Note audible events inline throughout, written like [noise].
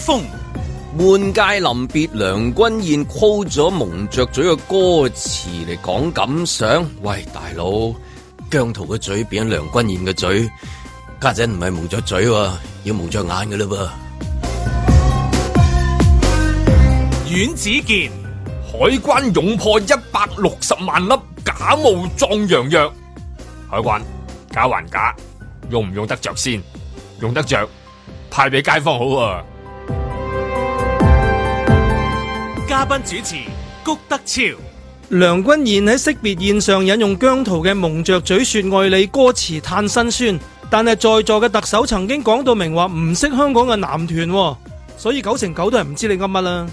風，換屆臨別，梁君彥 call 咗蒙著嘴嘅歌詞嚟講感想。喂，大佬，姜濤嘅嘴變咗梁君彥嘅嘴，家陣唔係蒙著嘴，要蒙著眼㗎喇噃。阮子健，海關擁破一百六十萬粒假冒壯陽藥，海關假還假，用唔用得着先？用得着，派俾街坊好啊！嘉賓主持谷德昭、梁君彥喺識別宴上引用姜濤嘅蒙着嘴說愛你歌詞嘆辛酸，但係在座嘅特首曾經講到明話唔識香港嘅男團，所以九成九都係唔知道你噏乜啦，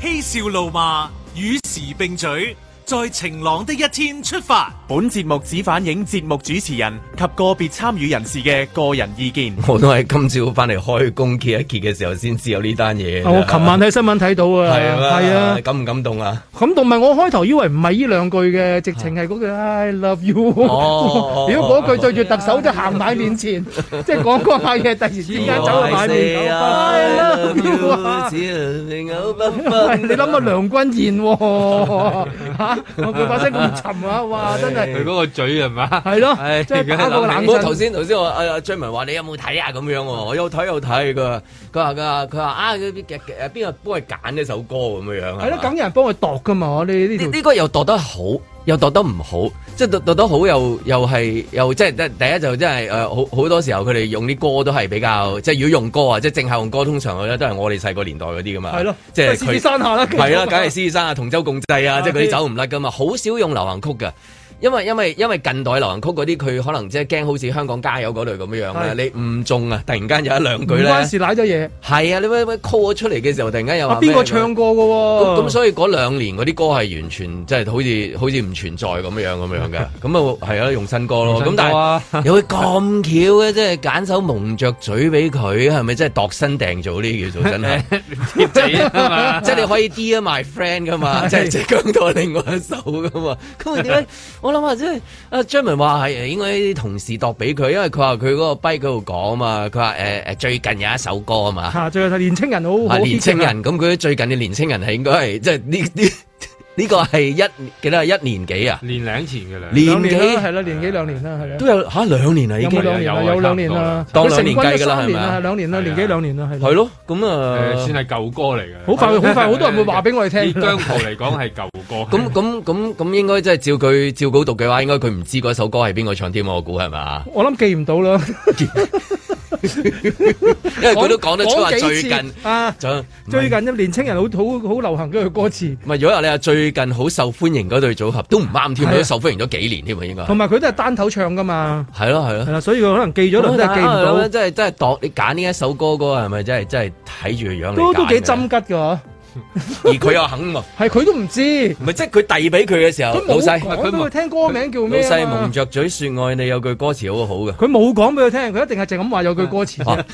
嬉笑怒罵與時並嘴。在晴朗的一天出發。本節目只反映節目主持人及個別參與人士嘅個人意見。我都係今朝翻嚟開工揭一揭嘅時候才道這件事，先知有呢單嘢。我琴晚喺新聞睇到啊。係啊，係啊，感唔感動啊？感動咪？我開頭以為唔係呢兩句嘅，直情係嗰句 I love you。如果嗰句對住特首就行埋面前， [laughs] 即係講講下嘢，突然之間走去買麵。你諗下梁君彥。我佢把聲咁沉啊！哇，真係佢嗰個嘴係咪？係咯，即係假嗰個冷身。我頭先頭先我阿阿張文話，你有冇睇啊？咁樣我有睇有睇噶。佢話佢佢話啊嗰啲嘅，邊個幫佢揀呢首歌咁樣樣啊？係咯對，咁吧有人幫佢度噶嘛？呢呢呢個又度得好，又度得唔好，即係度得好又又係又即係第第一就真係誒，好、呃、好多時候佢哋用啲歌都係比較即係如果用歌啊，即係淨係用歌，通常咧都係我哋細個年代嗰啲噶嘛。係咯啦，即係。獅子山下、 [laughs] 啊、啦，係啦，梗係獅子山下啊，同舟共濟啊，即係佢啲走唔甩噶嘛，好少用流行曲噶。因為因為因為近代流行曲嗰啲佢可能即係驚，好似香港加油嗰類咁樣樣，你誤中啊，突然間有一兩句咧，事瀨咗嘢。係啊，你咪 call 咗出嚟嘅時候突然間又說，邊、啊、個唱過噶、啊？咁咁所以嗰兩年嗰啲歌係完全即係、就是、好似好似唔存在咁樣樣咁樣嘅，咁 [laughs] 啊係咯，用新歌咯，咁、啊、但係又會咁巧嘅，即係揀首蒙著嘴俾佢，係咪真係度身訂做啲叫做真係即係你可以 Dear My Friend 噶嘛，即係即講到另外一首噶嘛，咁點解？ [laughs] 我諗啊，即係阿 j e 話係應該同事度俾佢，因為佢話佢嗰個碑嗰度講啊嘛，佢話誒誒，最近有一首歌啊嘛，吓、啊，最近年輕人好，年輕人咁佢、啊嗯、最近嘅年輕人係應該係即係呢啲。就是呢個係一記得係一年幾啊？年兩前嘅兩，年幾係啦，年幾兩年啦，係都有吓兩年啦，已經有兩年啦，當兩年計噶啦，係咪啊？兩年啦，年幾兩年啦，係係咯，咁啊，算係舊歌嚟嘅。好快，好快，好多人會話俾我哋聽。以姜濤嚟講係舊歌。咁咁咁咁，應該即係照佢照稿讀嘅話，應該佢唔知嗰首歌係邊個唱添，我估係咪？我諗記唔到啦。 [laughs] 因為佢都講得出話最近啊，最近年青人好好好流行嗰句歌詞。唔 [laughs] 係，如果你話最近好受歡迎嗰對組合，都唔啱添，都受歡迎咗幾年添啊，應該。同埋佢都係單頭唱噶嘛。係咯，係咯。係啊，所以佢可能記咗輪都係記唔到。即係即係，當你揀呢一首歌歌係咪？即係即係，睇住個樣嚟，都都幾針吉嘅 [laughs] 而佢又肯喎，係佢都唔知，唔係即係佢遞俾佢嘅時候，佢老細講到聽歌名叫咩啊？老細蒙着嘴說愛你有句歌詞好好嘅，佢冇講俾佢聽，佢一定係淨咁話有句歌詞。佢，啊，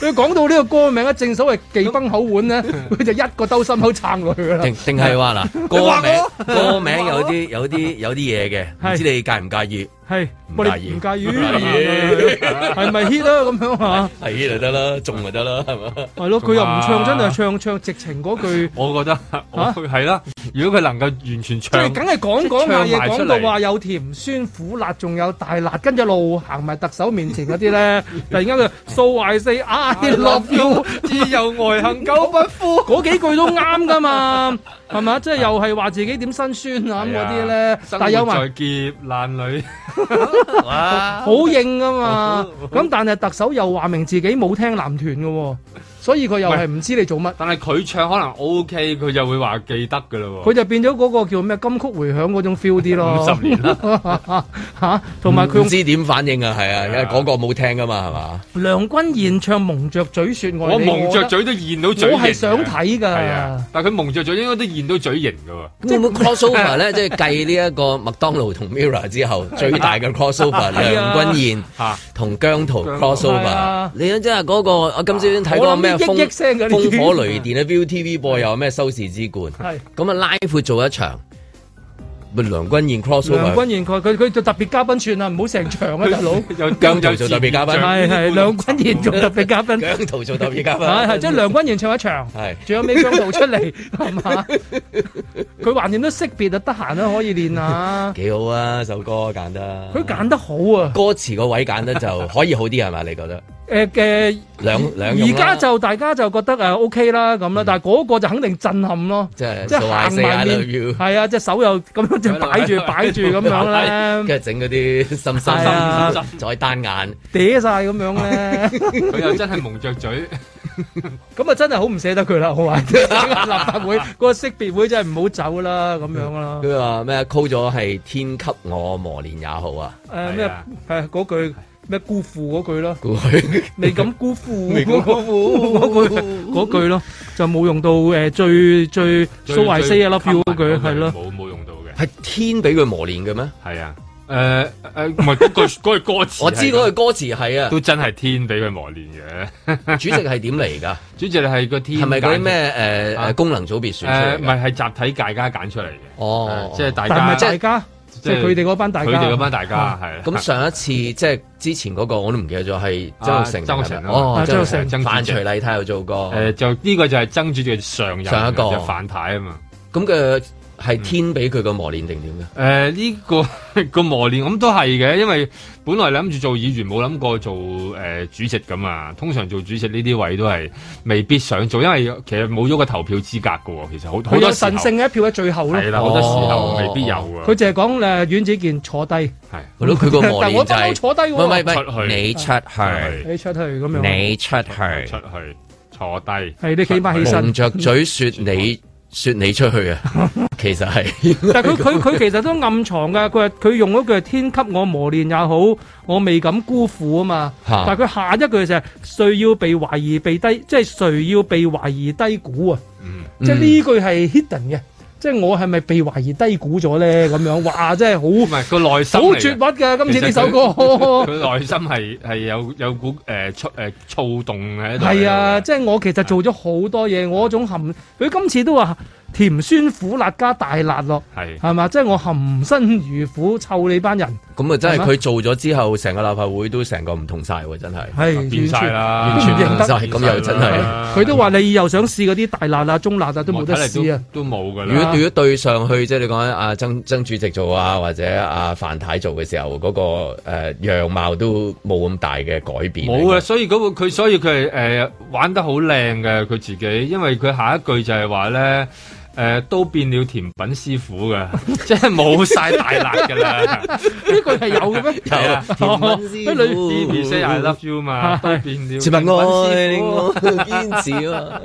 講 [laughs] 到呢個歌名咧，正所謂忌崩口碗咧，佢 [laughs] 就一個兜心口撐落去是說啦。定定係話嗱歌名，歌名有啲有啲有啲嘢嘅，唔知你介唔介意？係，我哋唔介意係咪 hit 啦咁樣啊？係 hit 就得啦，中咪得啦，係嘛？係咯，佢又唔唱，真係唱唱直情嗰句。我覺得佢係啦，如果佢能夠完全唱，最係梗係講講嘢，講到話有甜酸苦辣，仲有大辣，跟住路行埋特首面前嗰啲咧， [laughs] 突然間就數槐四，I love you，自由外行久不夫，嗰 [laughs] 幾句都啱噶嘛。係、啊啊、 [laughs] 嘛，即係又係話自己點辛酸啊咁嗰啲咧，但係有埋在劫爛女，好硬啊嘛。咁但係特首又話明自己冇聽男團嘅，所以佢又係唔知道你做乜。但係佢唱可能 OK，佢就會話記得噶啦、哦。佢就變咗嗰個叫咩金曲回響嗰種 feel 啲咯。十年啦，吓、 [laughs] 啊，同埋佢唔知點反應啊，係啊，啊，因為嗰個冇聽啊嘛，係嘛。梁君彥唱蒙着嘴說愛，我蒙着嘴都現到嘴，我係想睇噶、啊，但係佢蒙着嘴應該都。見到嘴型噶喎，咁會唔會 crossover 咧？即 [laughs] 係計呢一個麥當勞同 Mirror 之後最大嘅 crossover， [laughs] 啊、梁君彥嚇同姜濤、 [laughs] 嗯、crossover、 [laughs] 嗯。你睇即係嗰個，啊、今已經我今朝先睇過咩風風火雷電嘅 ViuTV 播，又有咩收視之冠，咁啊拉闊做一場。梁君彥 cross over? 梁君彥佢佢就特別嘉賓串啦，唔好成場啊，大佬。有 [laughs] 姜濤做特別嘉賓，係 [laughs] 係梁君彥做特別嘉賓， [laughs] 姜濤做特別嘉賓，係係即係梁君彥唱一場，係， [laughs] 仲有咩姜濤出嚟，係嘛？佢橫掂都識別啊，得閒都可以練下。幾 [laughs] 好啊首歌，揀得，佢揀得好啊，歌詞嗰位揀得就可以好啲係嘛？你覺得？誒嘅兩兩而家就大家就覺得誒 O K 啦，咁啦，但係嗰個就肯定震撼咯，即係即係行萬遍係啊，即係手又咁樣即係擺住擺住咁樣咧，跟住整嗰啲心心心心，再單眼嗲晒咁樣咧，佢又真係蒙著嘴，咁啊真係好唔捨得佢啦，好唔好啊立法會個惜別會真係唔好走啦，咁樣啦。佢話咩啊？call 咗係天給我磨練也好啊？誒咩？係嗰句。咩辜負嗰句啦？未 [laughs] 敢辜負，未敢辜負嗰句嗰句咯，就冇用到誒，最最蘇維粒啦，嗰句係咯，冇冇、那個、用到嘅。係天俾佢磨練嘅咩？係啊，誒、呃、誒，唔係嗰句嗰句歌詞，我知嗰句歌詞係啊，都真係天俾佢磨練嘅。 [laughs] 主席係點嚟噶？主席係個天，係咪嗰咩誒功能組別選出嚟？唔係係集體大家揀出嚟嘅。哦，即、呃、係大家是、就是，大家。即係佢哋嗰班大家，佢哋嗰班大家咁、啊、上一次即係、就是、之前嗰個我都唔記得咗係曾鈺成，曾、啊、鈺成是是、啊、哦，曾、啊、鈺成。范、啊、徐麗泰又做過。誒、呃、就呢、這個就係曾主席上任嘅范太啊嘛。咁嘅。係天俾佢、嗯呃這個、個磨練定點嘅？誒、嗯，呢個個磨練咁都係嘅，因為本來諗住做議員，冇諗過做誒、呃、主席咁啊。通常做主席呢啲位都係未必想做，因為其實冇咗個投票資格噶喎。其實好，佢個神聖嘅一票喺最後咯。係啦，好、哦、多時候未必有。佢淨係講誒，阮、呃、子健坐低，係佢都佢個磨練、就是。但我不嬲坐低，唔係你，你出去，你出去，出去你出去你出去坐低，係你企埋起身，紅着嘴說你。 [laughs] 說你出去啊，其實係，但係佢佢佢其實都暗藏噶佢佢用咗句天給我磨練也好，我未敢辜負啊嘛，啊但係佢下一句就係、是、誰要被懷疑被低，即係誰要被懷疑低估啊，嗯、即係呢句係 hidden 嘅。嗯即係我係咪被懷疑低估咗咧？咁樣哇，即係好唔係個內心好絕筆噶。今次呢首歌，佢內心係係有有股誒躁誒躁動喺度嘅。係啊，即係我其實做咗好多嘢，我種含佢今次都話。甜酸苦辣加大辣咯，係，係嘛？即、就、係、是、我含辛茹苦湊你班人，咁啊！真係佢做咗之後，成個立法會都成個唔同晒喎，真係係變晒啦，都唔認得。咁、啊、又真係，佢都話你又想試嗰啲大辣啊、中辣啊，都冇得試啊，都冇噶啦。如果對咗對上去，即係你講緊阿曾曾主席做啊，或者阿、啊、范太做嘅時候，嗰、那個誒、啊、樣貌都冇咁大嘅改變。冇啊，所以、那個佢所以佢係誒玩得好靚嘅佢自己，因為佢下一句就係話咧。誒、呃，都變了甜品師傅噶， [laughs] 即係冇曬大辣噶啦！呢個係有嘅咩？有 [laughs] 啊、甜品師傅，Lady Bird，I Love You 嘛、啊，都變了甜品師傅，堅持喎，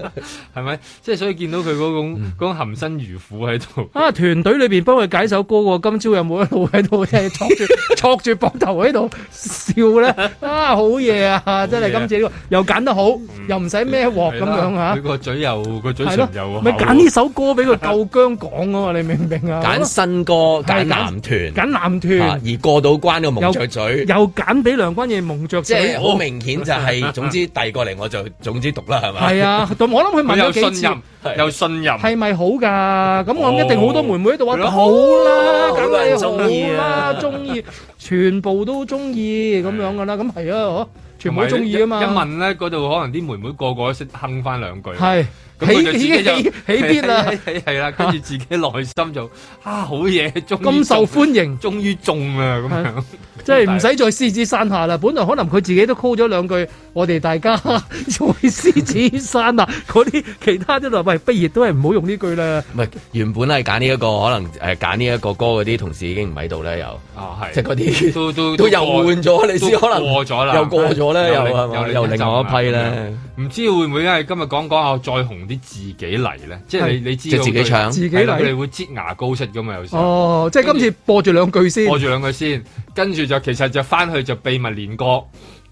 係 [laughs] 咪？即係所以見到佢嗰種、嗯、種含辛茹苦喺度啊！團隊裏邊幫佢解首歌喎，今朝有冇一路喺度係坐住坐住膊頭喺度笑咧？啊， [laughs] 好嘢啊！真係今次、呢個、又揀得好，嗯、又唔使咩鑊咁樣啊。佢個嘴又個嘴唇又咪揀呢、啊、首歌。俾個夠僵講啊嘛！你明唔明啊？揀新歌，揀男團，揀男團、啊、而過到關個蒙雀嘴，又揀俾梁君夜蒙雀嘴，就是很明顯就是、好明顯就係。總之遞 [laughs] 過嚟我就總之讀啦，係咪？係啊，我諗佢問佢有信任，有信任，係咪好噶？咁我諗一定好多妹妹喺度話好啦，梗係好啦，中意、哦哦哦啊啊，全部都中意咁樣噶啦。咁係啊，全部都中意啊嘛？一,一問咧，嗰度可能啲妹妹個個，個都識哼翻兩句。係。起起起起跌啦，係啦，跟住自己內、哎、心就啊好嘢，咁、啊、受歡迎，終於中啦，咁樣、嗯、即係唔使再獅子山下啦。本來可能佢自己都 call 咗兩句，我哋大家再獅子山啊，啲 [laughs] 其他啲嚟，喂，不如都係唔好用呢句啦。唔係原本係揀呢一個，可能誒揀呢一個歌嗰啲同事已經唔喺度咧，又,又,又,又啊，係即係嗰啲都都都又換咗，你知可能過咗啦，又過咗咧，又又又另外一批咧，唔知會唔會因為今日講講下再紅。你自己嚟咧，即係你，你知自己唱？自己嚟？你會擠牙膏出噶嘛？有時候哦，即係今次播住兩句先，播住兩句先，跟住就其實就翻去就秘密練歌，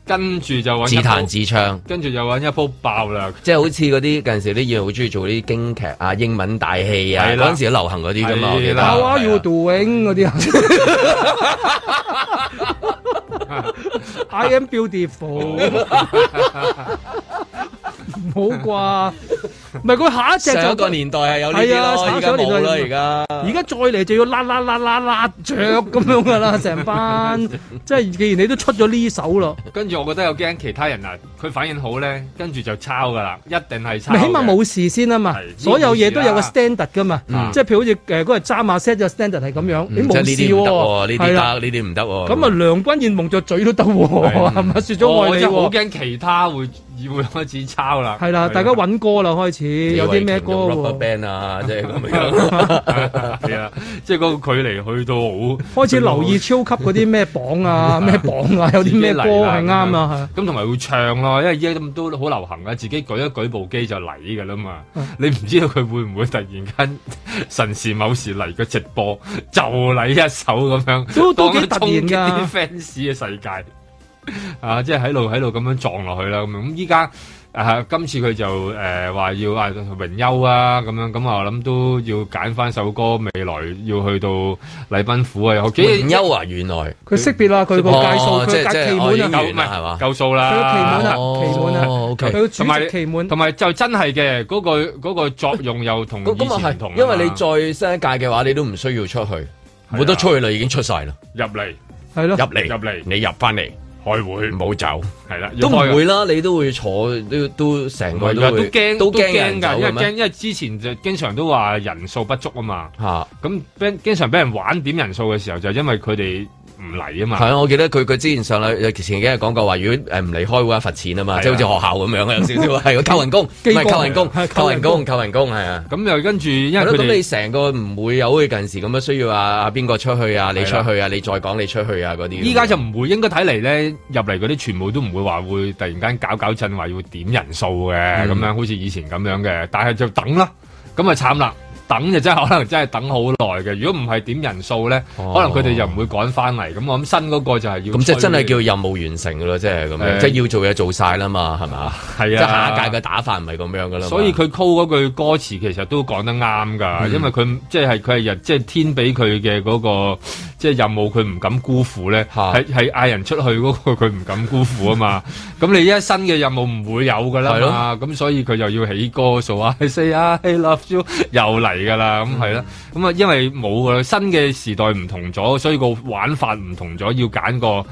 跟住就自彈自唱，跟住就揾一煲爆啦。即係好似嗰啲，嗰陣時啲嘢好中意做啲京劇啊、英文大戲啊，嗰、啊、陣時流行嗰啲噶嘛。有啊，You doin 嗰啲，I am beautiful，唔好啩。唔係佢下一隻就上一個年代係有呢啲咯，而家冇啦，而家而家再嚟就要喇喇喇喇喇著咁樣噶啦，成 [laughs] 整班 [laughs] 即係既然你都出咗呢首咯，跟住我覺得有驚其他人啊，佢反應好咧，跟住就抄噶啦，一定係抄的。起碼冇事先啊嘛，所有嘢都有個 standard 噶嘛，嗯嗯、即係譬如好似誒嗰日揸馬 set 咗 standard 係咁樣，冇、嗯、事呢啲啦，呢啲唔得，咁啊，這些不啊那梁君彥蒙著嘴都得、啊，係咪、啊？説咗愛我好、哦、驚其他會 [laughs] 會開始抄啦，係啦、啊啊啊，大家揾歌啦開始。有啲咩歌喎？即係嗰個名係啊！即係嗰個距離去到好，開始留意超級嗰啲咩榜啊、咩、啊、榜啊，有啲咩歌係啱啊！咁同埋會唱咯、啊，因為依家咁都好流行啊，自己舉一舉部機就嚟㗎啦嘛。啊、你唔知道佢會唔會突然間神時某時嚟個直播就嚟一首咁樣，都都幾突然㗎！啲 fans 嘅世界啊，即係喺度喺度咁樣撞落去啦。咁咁依家。啊！今次佢就誒話要啊榮休啊咁樣咁啊，我諗都要揀翻首歌，未來要去到禮賓府啊。哦，榮休啊，原來佢識別啦，佢個計數，佢計期滿啊，唔係夠數啦，佢期滿啦，期滿啦。O K。同埋期滿，同埋就真係嘅嗰個嗰個作用又同以前唔同。因為你再新一屆嘅話，你都唔需要出去，冇得出去啦，已經出晒啦，入嚟係咯，入嚟入嚟，你入翻嚟。開會唔好走，係啦，都唔會啦，你都會坐，都都成個都會，驚都驚人㗎，因為驚，因為之前就經常都話人數不足啊嘛，吓、啊，咁經常俾人玩點人數嘅時候，就因為佢哋。唔嚟啊嘛！係啊，我記得佢佢之前上嚟，前幾日講過話，如果誒唔嚟開會罰錢啊嘛，即、啊、好似學校咁樣有少少，係 [laughs] 扣人工，唔 [laughs] 係扣，扣人工，扣人工扣人工係啊。咁又跟住，因為佢。係咁、啊、你成個唔會有好似近時咁樣需要啊，邊個出去啊，你出去啊，啊你再講你出去啊嗰啲。依家就唔會，應該睇嚟咧入嚟嗰啲全部都唔會話會突然間搞搞震，話要點人數嘅咁樣，好、嗯、似以前咁樣嘅。但係就等啦，咁啊慘啦。等就真係可能真係等好耐嘅，如果唔係點人數咧，oh. 可能佢哋又唔會趕翻嚟咁。咁我諗新嗰個就係要咁即係真係叫任務完成嘅咯，即係咁樣，hey. 即係要做嘢做晒啦嘛，係、hey. 咪？係啊，即係下一屆嘅打法唔係咁樣嘅啦。所以佢 call 嗰句歌詞其實都講得啱㗎、嗯，因為佢即係佢係日即係天俾佢嘅嗰個。即係任務，佢唔敢辜負咧，係係嗌人出去嗰個，佢唔敢辜負啊嘛。咁你依家新嘅任務唔會有噶啦嘛，咁所以佢就要起歌數啊，say I love you 又嚟噶啦，咁係啦，咁啊因為冇噶啦，新嘅時代唔同咗，所以個玩法唔同咗，要揀個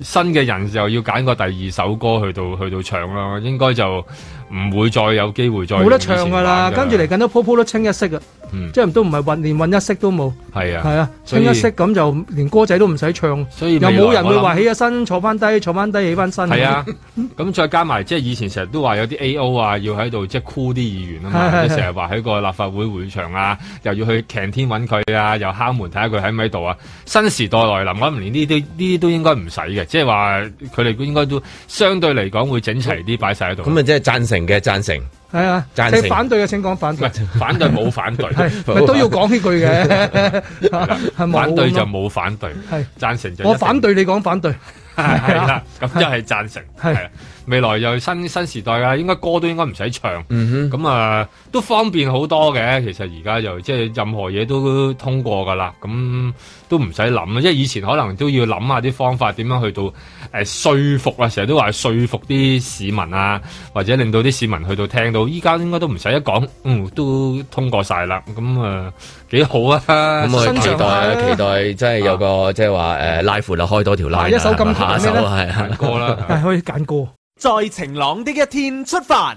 新嘅人，就要揀個第二首歌去到去到唱咯，應該就。唔會再有機會再冇得唱㗎啦，跟住嚟緊都鋪鋪都清一色啊、嗯，即係都唔係混，連混一色都冇。係啊，係啊，清一色咁就連歌仔都唔使唱，所以又冇人會話起咗身坐翻低，坐翻低起翻身。係啊，咁、 [laughs] 嗯、再加埋即係以前成日都話有啲 A.O. 啊，要喺度即係箍啲議員啊嘛，成日話喺個立法會會場啊，又要去 canteen 揾佢啊，又敲門睇下佢喺唔喺度啊。新時代來臨，啊，咁連呢啲呢啲都應該唔使嘅，即係話佢哋應該都相對嚟講會整齊啲擺晒喺度。咁啊，即係贊成。嘅贊成係啊，你反對啊，請講反對。反對冇反對，咪 [laughs] 都要講呢句嘅。 [laughs] 是是反對就冇反對，係贊、啊、成就我反對你講反對，係啦、啊，咁一係贊成係啊，啊，啊。未來又新新時代啊，應該歌都應該唔使唱，咁、嗯、啊、呃、都方便好多嘅。其實而家就即係任何嘢都通過噶啦，咁都唔使諗啦。即係以前可能都要諗下啲方法，點樣去到誒、呃、說服啊，成日都話說，說服啲市民啊，或者令到啲市民去到聽到。到依家應該都唔使一講，嗯，都通過晒啦，咁、嗯、啊，幾、嗯、好啊！咁期待、啊、期待即係有個、啊、即係話誒拉闊啦，開多條拉，一首金下一首咧？係啊，歌啦、啊，可以揀歌。在晴朗的一天出發，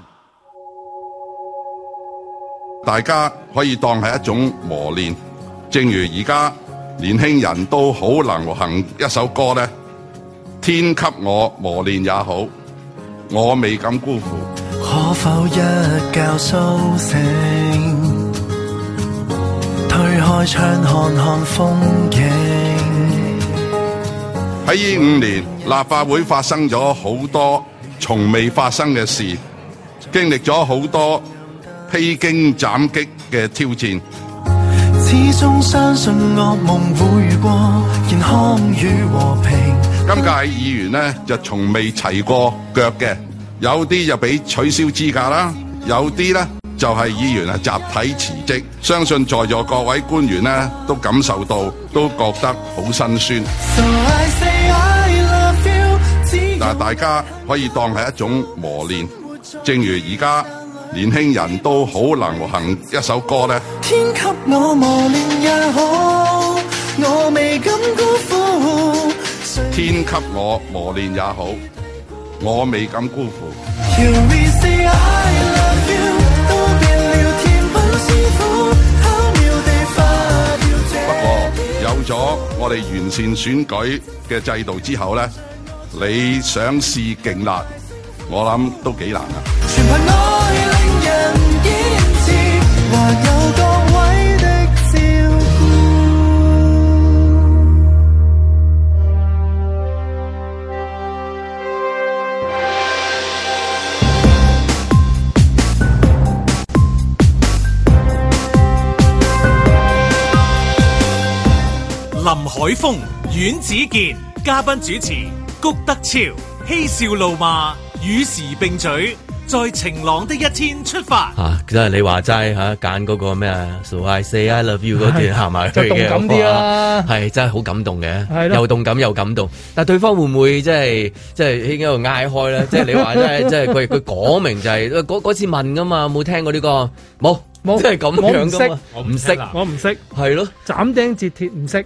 大家可以當係一種磨練。正如而家年輕人都好流行一首歌咧，天給我磨練也好，我未敢辜負。嗯可否一覺甦醒？推開窗看看風景。喺呢五年，立法會發生咗好多從未發生嘅事，經歷咗好多披荊斬棘嘅挑戰。始終相信惡夢會過，健康與和平。今屆議員呢，就從未齊過腳嘅。有啲就俾取消資格啦，有啲咧就係、是、議員啊集體辭職。相信在座各位官員咧都感受到，都覺得好辛酸、so I say I love you。大家可以當係一種磨練，正如而家年輕人都好流行一首歌咧。天給我磨練也好，我未敢辜負。天給我磨練也好。我未敢辜負。不過有咗我哋完善選舉嘅制度之後咧，你想試勁辣，我諗都幾難啊。全海風，阮子健，嘉賓主持谷德昭，嬉笑怒罵，與時並舉，在晴朗的一天出發。吓，真係你話齋吓，揀嗰個咩啊？So I say I love you 嗰段吓嘛，動感啲係真係好感動嘅，又動感又感動。但係對方會唔會即係即係喺嗰度嗌開咧？即係你話即係即係佢佢講明就係嗰嗰次問噶嘛，冇聽過呢個冇冇即係咁樣噶嘛？我唔識，我唔識，係咯，斬釘截鐵唔識。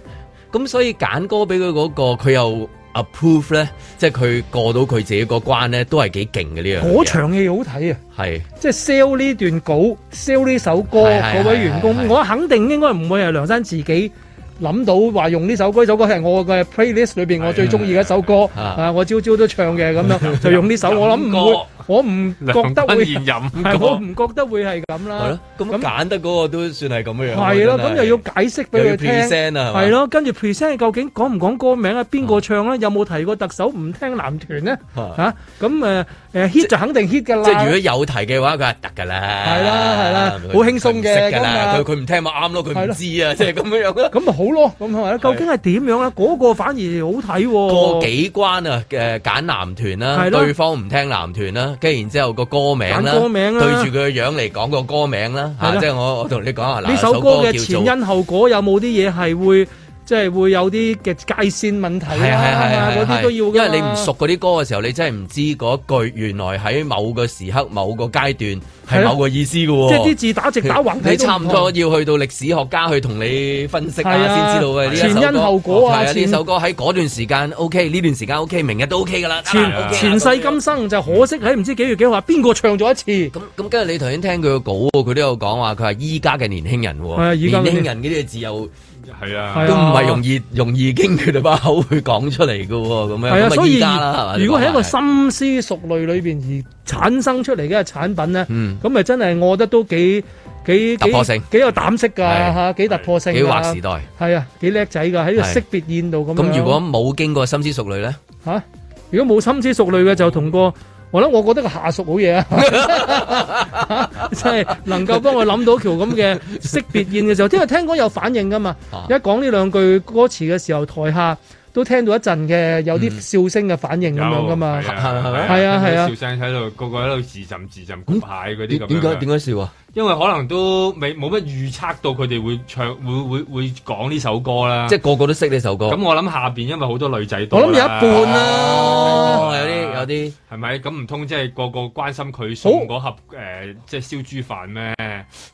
咁所以揀歌俾佢嗰個，佢又 approve 咧，即係佢過到佢自己個關咧，都係幾勁嘅呢樣。嗰場戲好睇啊，係即係 sell 呢段稿，sell 呢首歌嗰位員工，是是是是是我肯定應該唔會係梁生自己。諗到話用呢首歌，首歌係我嘅 playlist 裏邊我最中意嘅一首歌，啊，我朝朝都唱嘅咁樣，就用呢首。我諗唔會，我唔覺得會，係我唔覺得會係咁啦。係咯，咁揀得嗰個都算係咁樣。係咯，咁又要解釋俾佢聽。係咯，跟住 present 究竟講唔講歌名啊？邊個唱啊？有冇提過特首唔聽男團咧？嚇，咁誒誒 hit 就肯定 hit 㗎啦。即係如果有提嘅話，佢係得㗎啦。係啦係啦，好輕鬆嘅。咁啊，佢佢唔聽咪啱咯，佢唔知啊，即係咁樣樣。咁啊好。咁同埋究竟係點樣啊嗰、嗰個反而好睇、哦，過幾關啊？嘅揀男團啦、啊，對方唔聽男團啦、啊，跟然後之後個歌名啦、啊啊，對住佢嘅樣嚟講個歌名啦、啊啊，即係我我同你講下啊，呢首歌嘅前因後果有冇啲嘢係會？即係會有啲嘅界線問題啦，嗰啲都要、啊、因為你唔熟嗰啲歌嘅時候，你真係唔知嗰句原來喺某個時刻、某個階段係某個意思㗎喎。即係啲字打直打橫，你差唔多要去到歷史學家去同你分析啊，先、啊、知道、啊、前因後果啊，啊，前前後果啊，前啊！呢首歌喺嗰段時間 OK，呢段時間 OK，明日都 OK 噶啦、啊 OK。前世今生就可惜喺、嗯、唔知幾月幾號啊？邊個唱咗一次、嗯？咁咁，跟住你頭先聽佢嘅稿，佢都有講話，佢話依家嘅年輕人、啊，啊、年輕人啲字係啊，都唔係容易、啊、容易經佢哋把口去講出嚟噶，咁樣咁啊，所以啦，如果喺一個深思熟慮裏邊而產生出嚟嘅產品咧，咁、嗯、咪真係我覺得都幾幾幾幾有膽識噶吓，幾突破性，幾劃時代，係啊，幾叻仔噶，喺個識別度咁。咁如果冇經過深思熟慮咧，吓、啊，如果冇深思熟慮嘅就同個。我諗，我覺得個下屬好嘢啊，即係能夠幫我諗到條咁嘅識別宴嘅時候，因為聽講有反應噶嘛。啊、一講呢兩句歌詞嘅時候，台下都聽到一陣嘅有啲笑聲嘅反應咁、嗯、樣噶嘛。係啊係啊，笑聲喺度，啊是是啊啊、個個喺度自陣自陣，舉牌嗰啲咁點解點解笑啊？因為可能都未冇乜預測到佢哋會唱會會會講呢首歌啦，即係個個都識呢首歌。咁、嗯、我諗下邊因為好多女仔多，我諗有一半啦、啊啊哦，有啲有啲係咪？咁唔通即係個個關心佢送嗰盒誒、哦呃，即係燒豬飯咩？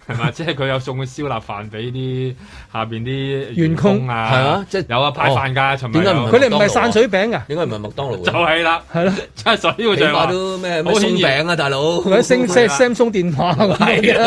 係咪？ [laughs] 即係佢有送燒臘飯俾啲下邊啲員工啊？係啊，即係有啊派飯噶，點解唔？佢哋唔係散水餅㗎、啊？應該唔係麥當勞？就係、是、啦，係啦，散水嘅電話都咩鬆餅啊，大佬，佢升 Samsung 電話係、啊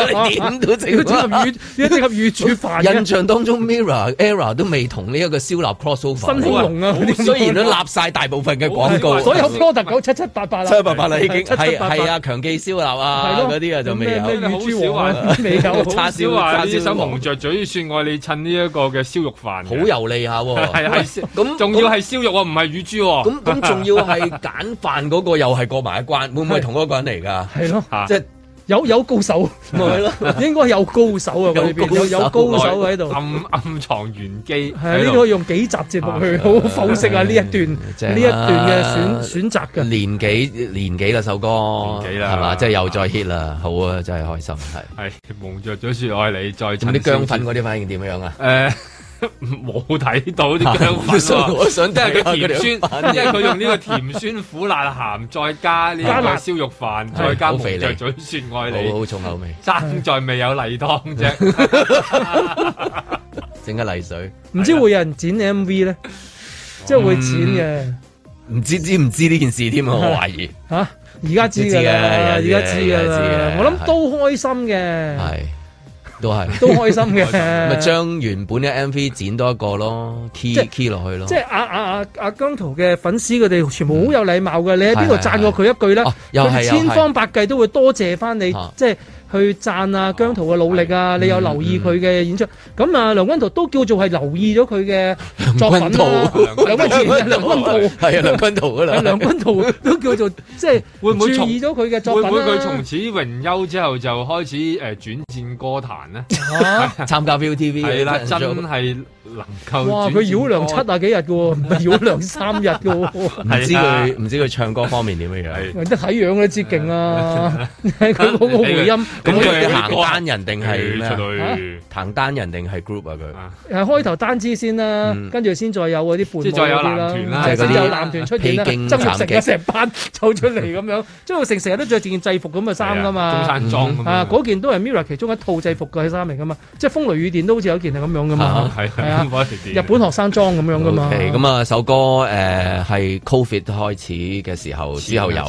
[laughs] [laughs] [laughs] [laughs] 點到就要點魚，乳豬飯印象當中、， [music] 啊啊啊、中，Mirror Era 都未同呢一個燒臘 crossover 啊。啊、嗯欸，雖然都立晒大部分嘅廣告，uh, 啊、好好所以有哥特狗七七八八,七八八啦，七七八啦已經係係啊，強記燒臘啊，嗰啲啊就未有。乳豬和未有，叉燒 [laughs] 啊！呢手蒙著嘴說愛你，趁呢一個嘅燒肉飯，好油膩下。係係咁，仲要係燒肉啊，唔係乳豬。咁咁仲要係揀飯嗰個又係過埋一關，會唔會同一個人嚟噶？係咯，即係。有有高手咪係咯，應該有高手啊！有 [laughs] 有有高手喺度，暗暗藏玄機。係呢個用幾集節目去好剖析啊！呢 [laughs] 一段呢、啊、一段嘅選、啊、選擇嘅年紀年紀啦首歌年紀啦係嘛？即係又再 hit 啦、啊，好啊！真係開心，係係。蒙著嘴說愛你，再趁啲薑粉嗰啲、呃、反應點樣啊？誒、呃。冇睇到啲薑、啊、想聽下佢甜酸，啊、因為佢用呢個甜酸苦辣鹹，再加呢個燒肉飯，再加肥，再嘴酸愛你，好好重口味，爭在未有例湯啫，整個例水，唔知會有人剪 M V 咧，即係會剪嘅，唔、嗯嗯、知知唔知呢件事添啊？我懷疑吓，而家知嘅，而家知嘅，啦，我諗都開心嘅，係。都係，都開心嘅。咪將原本嘅 MV 剪多一個咯，key key 落去咯即。即係阿阿阿阿姜濤嘅粉絲佢哋全部好有禮貌嘅，嗯、你喺邊度讚過佢一句咧？又係！千方百計都會多謝翻你，啊、又係又係即係。去讚啊姜濤嘅努力啊，啊！你有留意佢嘅演出，咁、嗯嗯、啊？梁君濤都叫做係留意咗佢嘅作品啊！梁君濤，梁君濤，係啊，梁君濤梁君濤 [laughs] 都叫做即係會唔會注意咗佢嘅作品，啊、會唔會佢從，從此榮休之後就開始誒、呃、轉戰歌壇咧？嚇、啊！ [laughs] [laughs] 參加 Viu TV 係、啊、 [laughs] 啦，真係能夠哇！佢繞梁七啊幾日嘅喎，唔係繞梁三日嘅喎。唔 [laughs] 知佢道唔 [laughs] 知佢唱歌方面點嘅樣？得 [laughs] 睇樣都知勁啊！佢 [laughs] 嗰 [laughs] 個迴音。咁、嗯、佢行單人定係咩？行單人定係 group 啊？佢、啊、係、啊、開頭單支先啦、啊嗯，跟住先再有嗰啲伴舞啲啦、啊，即、啊、係、就是、有男團出現啦，周耀成一成班走出嚟咁樣，即耀成成日都着住件制服咁嘅衫噶嘛、嗯，中山裝、嗯、啊，嗰件都係 mirror 其中一套制服嘅衫嚟噶嘛，即係風雷雨電都好似有件係咁樣噶嘛、啊啊啊啊，日本學生裝咁 [laughs] 樣噶嘛。咁啊首歌誒係、呃、COVID 開始嘅時候之後有，